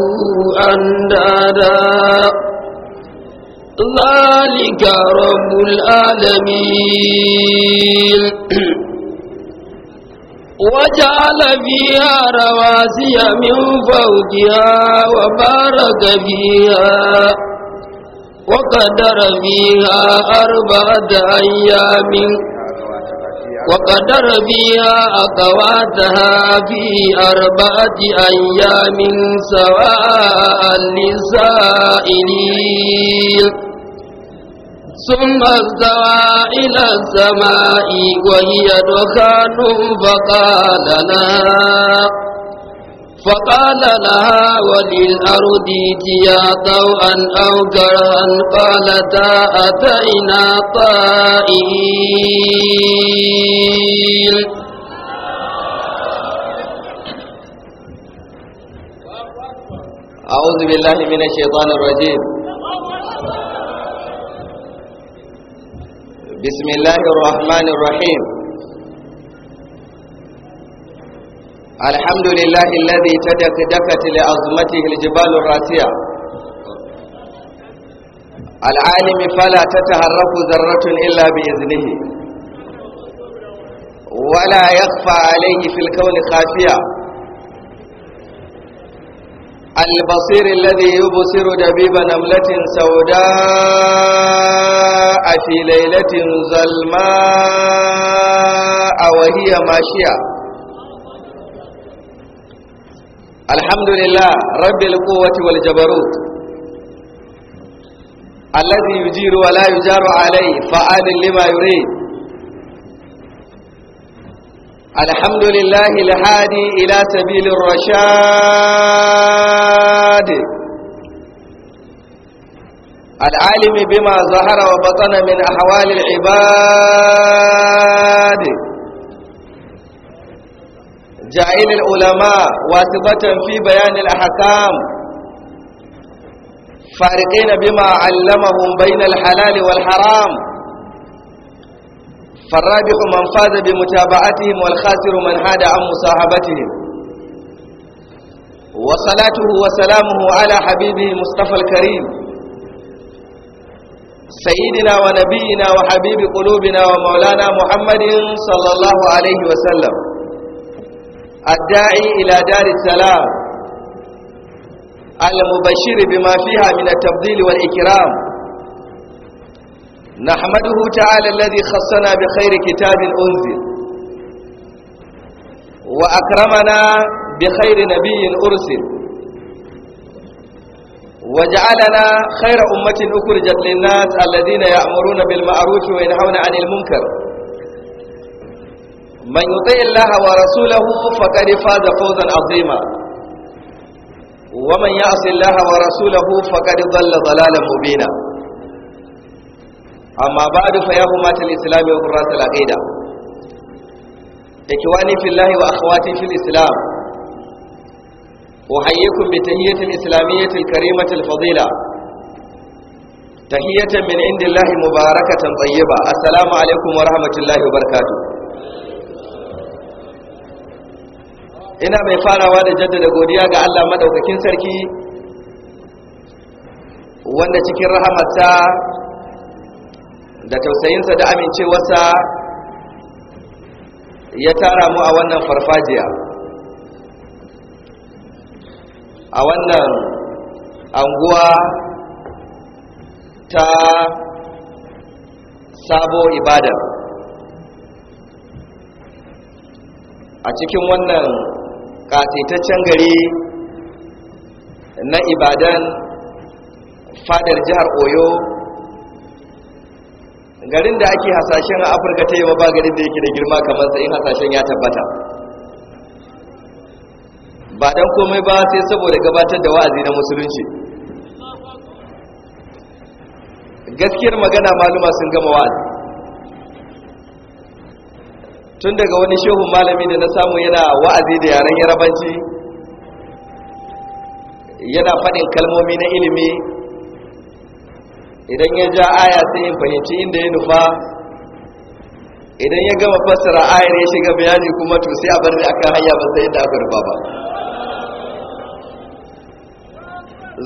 أندادا ذلك رب العالمين وجعل فيها رواسي من فوقها وبارك فيها وقدر فيها أربعة أيام وقدر فيها أقواتها في أربعة أيام سواء للسائلين ثم استوى إلى السماء وهي دخان فقال لها فقال لها وللأرض اتيا طوعا أو كرها قالتا أتينا طائعين أعوذ بالله من الشيطان الرجيم بسم الله الرحمن الرحيم الحمد لله الذي تدك دكت لعظمته الجبال الراسية العالم فلا تتهرف ذرة إلا بإذنه ولا يخفى عليه في الكون خافية البصير الذي يبصر دبيب نملة سوداء في ليلة ظلماء وهي ماشية الحمد لله رب القوة والجبروت الذي يجير ولا يجار عليه فعال لما يريد الحمد لله الهادي إلى سبيل الرشاد العالم بما ظهر وبطن من أحوال العباد جعل العلماء واسطة في بيان الأحكام فارقين بما علمهم بين الحلال والحرام فالرابح من فاز بمتابعتهم والخاسر من حاد عن مصاحبتهم وصلاته وسلامه على حبيبه مصطفى الكريم سيدنا ونبينا وحبيب قلوبنا ومولانا محمد صلى الله عليه وسلم الداعي إلى دار السلام المبشر بما فيها من التفضيل والإكرام نحمده تعالى الذي خصنا بخير كتاب أنزل وأكرمنا بخير نبي أرسل وجعلنا خير أمة أخرجت للناس الذين يأمرون بالمعروف وينهون عن المنكر man yuti Allah wa rasulahu faqad faza fawzan azima wa man ya'si Allah wa rasulahu faqad dhalla dhalalan mubina amma ba'du fa ya humat al-islam wa qurrat al-aqida ikwani fillah wa akhwati fil من عند الله مباركة طيبة السلام عليكم ورحمة الله وبركاته ina mai farawa da jaddada godiya ga Allah madaukakin sarki wanda cikin rahamarsa da tausayinsa da amincewarsa ya tara mu a wannan farfajiya a wannan anguwa ta sabo ibada a cikin wannan ƙasaitaccen gari na ibadan fadar jihar oyo garin da ake hasashen a afirka ta yi ba garin da yake da girma kamar sa in hasashen ya tabbata ba dan komai ba sai saboda gabatar da wa'azi na musulunci gaskiyar magana maluma sun gama wa'azi tun daga wani shehun malami da na samu yana wa'azi da yaren yarabanci yana faɗin kalmomi na ilimi idan ya ja aya sai in fahimci inda ya nufa idan ya gama fassara ayar ya shiga bayani kuma to sai a bar ni akan hanya ba sai inda aka rufa ba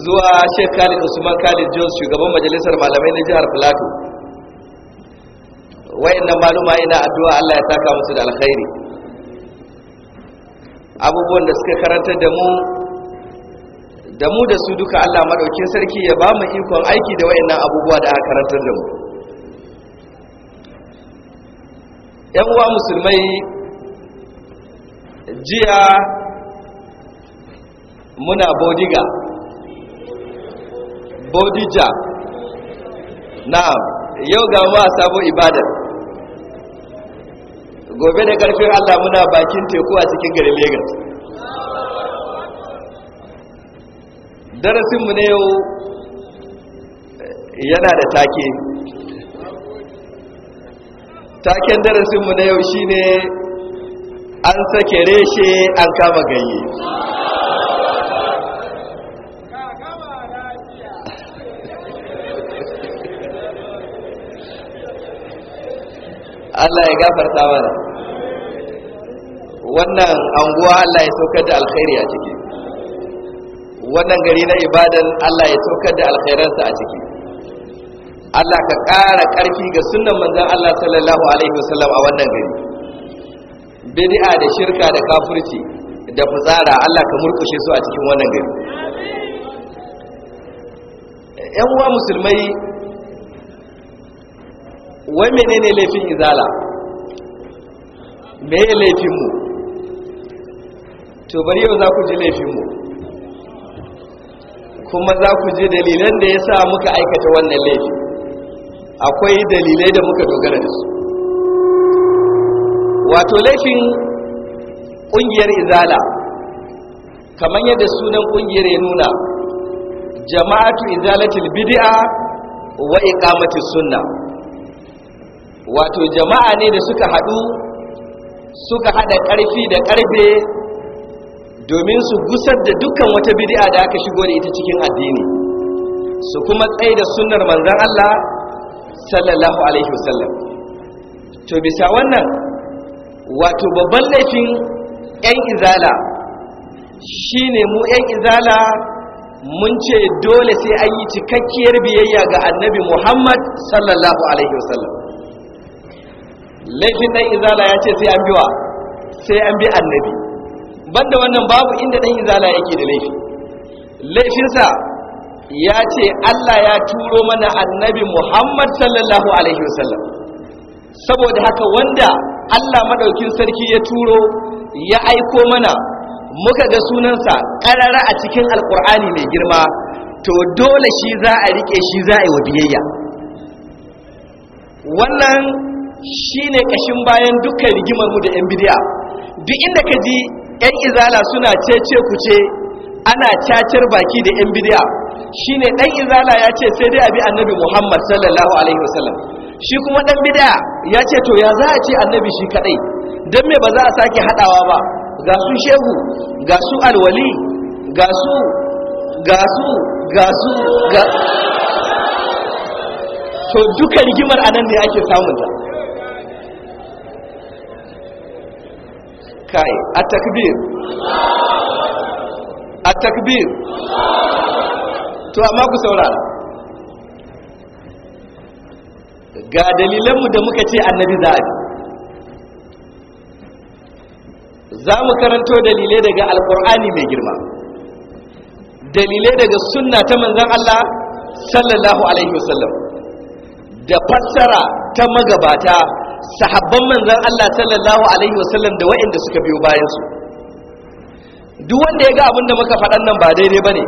zuwa Sheikh Khalid Usman Khalid Jones shugaban majalisar malamai na jihar Plateau wayannan maluma ina addu'a Allah ya saka musu da alkhairi abubuwan da suka karanta da mu da mu da su duka Allah madaukin sarki ya ba mu ikon aiki da wayannan abubuwa da aka karantar da mu ‘yan uwa musulmai jiya muna bodiga bodija na yau ga ma sabo ibadar gobe da karfin Allah muna bakin teku a cikin garin Legas darasin mu ne yau eh, yana da take taken darasin mu na yau shine an sake reshe an kama ganye Allah ya gafarta mana wannan anguwa Allah ya saukar da alkhairi a ciki wannan gari na ibadan Allah ya saukar da alkhairarsa a ciki Allah ka ƙara ƙarfi ga sunan manzan Allah sallallahu alaihi wasallam a wannan gari bid'a da shirka da kafirci da fuzara Allah ka murkushe su a cikin wannan gari yan uwa musulmai wai menene laifin izala me laifinmu to bari yau za ku ji laifinmu kuma za ku ji dalilan da ya sa muka aikata wannan laifin akwai dalilai da muka dogara da su wato laifin ƙungiyar izala kamar yadda sunan ƙungiyar ya nuna jama'atu izalatul bid'a wa iqamatus sunna wato jama'a ne da suka haɗu suka haɗa ƙarfi da ƙarfe domin su gusar da dukkan wata bid'a da aka shigo da ita cikin addini su kuma tsaye da sunnar manzon Allah sallallahu alaihi wasallam to bisa wannan wato babban laifin yan izala shine mu yan izala mun ce dole sai an yi cikakkiyar biyayya ga annabi Muhammad sallallahu alaihi wasallam laifin ɗan izala ya ce sai an biwa sai an bi annabi banda wannan babu inda dan izala yake da laifi laifinsa ya ce Allah ya turo mana annabi Muhammad sallallahu alaihi wasallam saboda haka wanda Allah madaukin sarki ya turo ya aiko mana muka ga sunansa karara a cikin alkur'ani mai girma to dole shi za a rike shi za a yi wa biyayya wannan shine ƙashin bayan dukkan rigimar mu da yan bidiya duk inda ka ji yan izala suna cece ku ce ana cacar baki da yan bidiya ne ɗan izala ya ce sai dai abi annabi Muhammad sallallahu alaihi wasallam shi kuma ɗan bidiya ya ce to ya za a ce annabi shi kaɗai don me ba za a sake haɗawa ba ga su shehu ga su alwali ga su ga su ga su ga to duka rigimar anan ne ake samunta kai a takbir a takbir to amma ku saurara ga dalilanmu da muka ce annabi za a za mu karanto dalilai daga alkur'ani mai girma dalilai daga sunna ta manzan Allah sallallahu alaihi wasallam da fassara ta magabata sahabban manzan Allah sallallahu alaihi wasallam da wa'inda suka biyo bayansu duk wanda ya ga abin da muka faɗan nan ba daidai ba ne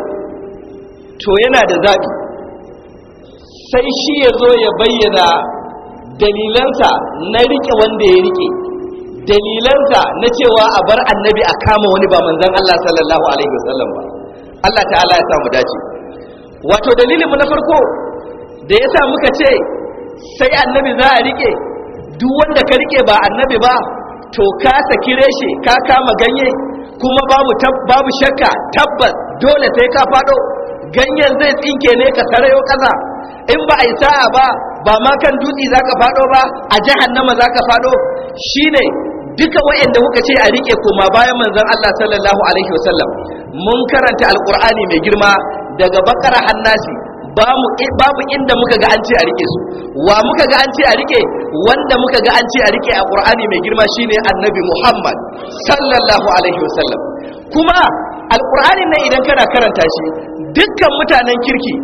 to yana da zaɓi sai shi ya zo ya bayyana dalilansa na riƙe wanda ya riƙe dalilansa na cewa a bar annabi a kama wani ba manzan Allah sallallahu alaihi wasallam ba Allah ta'ala ya samu dace wato dalilinmu na farko da ya sa muka ce sai annabi za a riƙe duk wanda ka rike ba annabi ba to ka saki reshe ka kama ganye kuma babu babu shakka tabbas dole sai ka fado ganyen zai tsinke ne ka tarayo kaza. in ba a yi sa'a ba ba ma kan dutse zaka fado ba a jahannama zaka fado shine duka wayanda kuka ce a rike koma bayan manzon Allah sallallahu alaihi wasallam mun karanta alqur'ani mai girma daga bakara hannasi babu inda muka ga an ce a rike su wa muka ga an ce a rike wanda muka ga an ce a rike a ƙur'ani mai girma shine annabi muhammad sallallahu alaihi wasallam kuma alqur'anin nan idan kana karanta shi dukkan mutanen kirki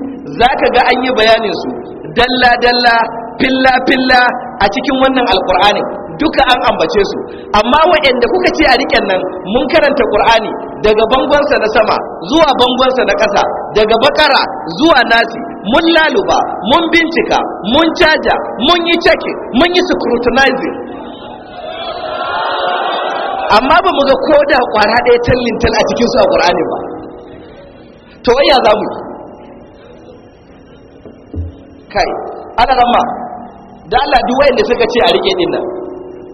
zaka ga an yi bayanin su dalla dalla filla filla a cikin wannan alqur'anin duka an ambace su amma waɗanda kuka ce a riƙen nan mun karanta ƙur'ani daga bangonsa na sama zuwa bangonsa na ƙasa daga bakara zuwa nasi mun laluba mun bincika mun caja mun yi cekin mun yi scrutinizing amma ba mu ga ko da ƙwara ɗaya tallintal a cikinsu a ƙur'ani ba to waya za mu kai ana ramma da Allah duk wayanda suka ce a rike din nan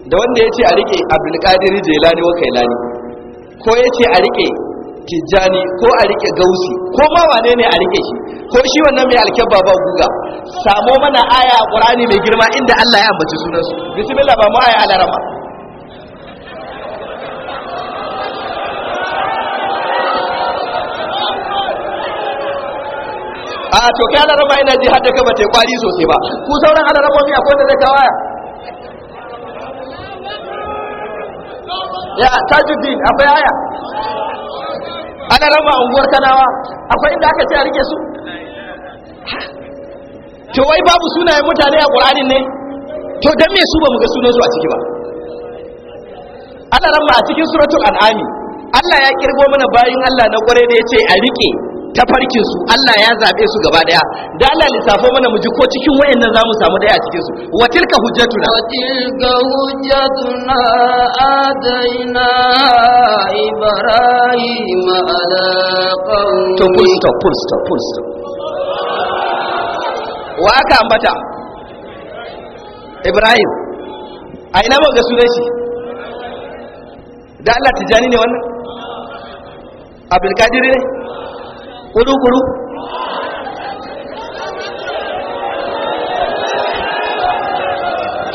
da wanda ya ce a riƙe abdulkadir jelani wa kailani ko ya ce a riƙe tijjani ko a riƙe gausi ko ma wane ne a riƙe shi ko shi wannan mai alkyar ba guga samo mana aya a ƙurani mai girma inda allah ya ambaci sunansu bismillah ba mu aya alarama a to kai alarama ina ji hadda ka bata kwari sosai ba ku sauran alarama a akwai da zai kawaya ya tajuddin akwai aya ana rama unguwar kanawa akwai inda aka ce a rike su to wai babu sunayen mutane a qur'ani ne to dan me su ba mu ga su a ciki ba ana rama a cikin suratul an'ami Allah ya kirgo mana bayin Allah na kware da yace a rike tafarkin su Allah ya zabe su gaba daya da Allah lissafo mana mu ji ko cikin wayannan zamu samu daya a cikin su wa tilka hujjatuna wa tilka hujjatuna adaina ibrahim ala qaumi to pull stop pull stop full stop wa aka ambata ibrahim a ina mun ga sunan shi da Allah tijani ne wannan abdul kadir ne Kudu kudu.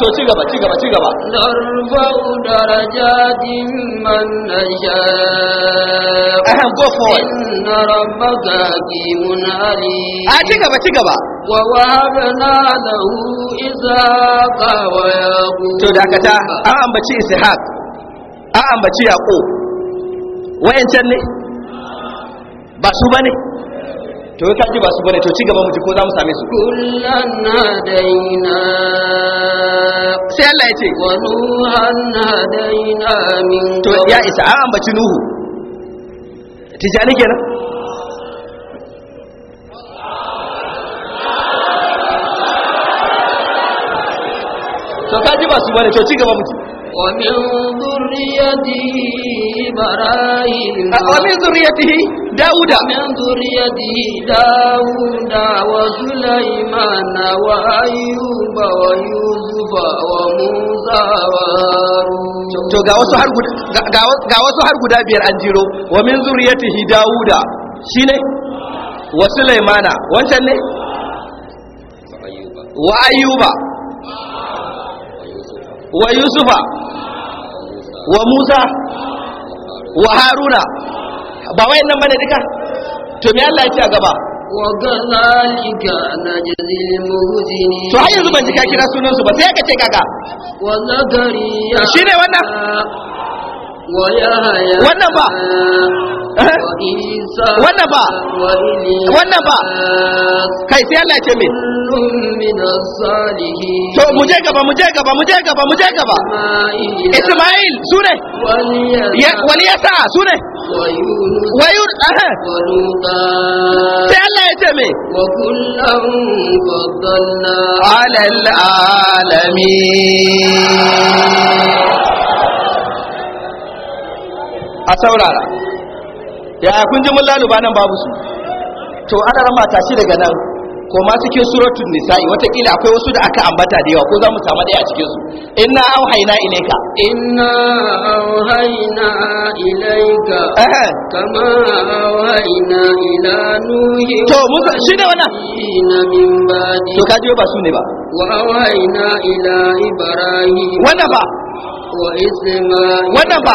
to ci gaba ci gaba go forward inna a ah, ci gaba ci gaba wa wa an ambaci ishaq an ambaci wayancan ne ba su bane to ka ji ba su bane to ci gaba mu ko za mu same su kullan nadaina sai Allah ya ce wa nuhan nadaina min to ya isa an ambaci nuhu tijani kenan to ka ji ba su bane to ci gaba mu ومن ذريته إبراهيم Dauda, داود ومن ذريته داود وسليمان وأيوب ويوسف وموسى وهارون ga wasu har guda biyar an jiro wa min zuriyatihi shi shine wa sulaimana wancan ne wa ayyuba wa yusufa wa musa wa haruna ba wai nan bane duka to me Allah ya ce a gaba wa kadhalika najzil muhsinin to har yanzu ban ji ka kira sunan su ba sai ka ce kaga wa zakariya shine wannan wannan ba eh? wannan ba wannan ba kai sai Allah ce min to mu je gaba mu je gaba mu je gaba mu je gaba Ismail sune wani ya sa sune wayu aha eh. sai Allah ya ce min wa kullam faddalna ala alamin a saurara ya kun ji mun laluba nan babu su to ana rama shi daga nan ko ma cikin suratul nisa'i kila akwai wasu da aka ambata da yawa ko za mu samu da a cikin su inna auhayna ilayka inna auhayna ilayka kama auhayna ila nuhi to musa shine wannan inna min ba'di to kaje ba su ne ba wa auhayna ila ibrahim wannan ba wa isma'il wannan ba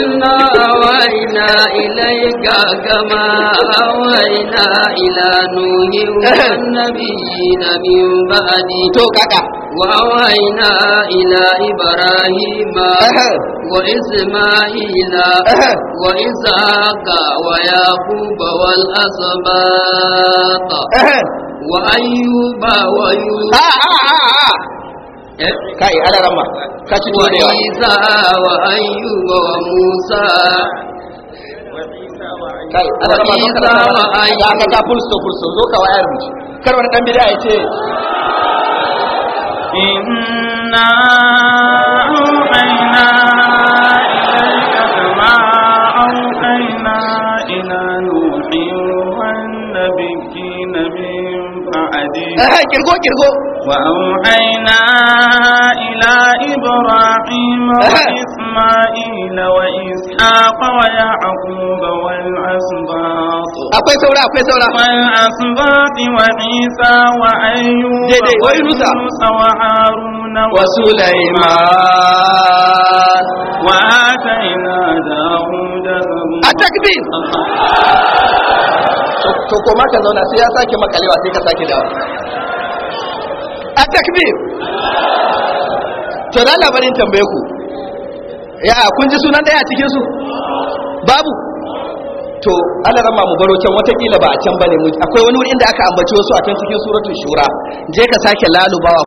إنا أوينا إليك كما أوينا إلى نوح والنبيين من بعده وأوينا إلى إبراهيم وإسماعيل وإسحاق ويعقوب والأسباط وأيوب ويوسف آه، آه، آه، Eh? kai ala ka ci tuwa da isa wa ayyuba wa musa kai ala rama ka isa wa ayyuba ka ka fulso fulso zo ka wayar mu kar wani dan bid'a yace inna kirgo kirgo wa auhayna ila ibrahim wa isma'il wa ishaq wa yaqub wal asbat akwai saura akwai saura asbat wa isa wa ayyub wa wa harun wa sulaiman wa daud a to koma ka zauna sai ya sake makalewa sai ka sake dawo a takbir to da labarin tambaye ku ya kun ji sunan daya a cikin su babu to Allah rama mu baro can watakila ba a can bane akwai wani wuri inda aka ambaci wasu a can cikin suratul shura je ka sake lalubawa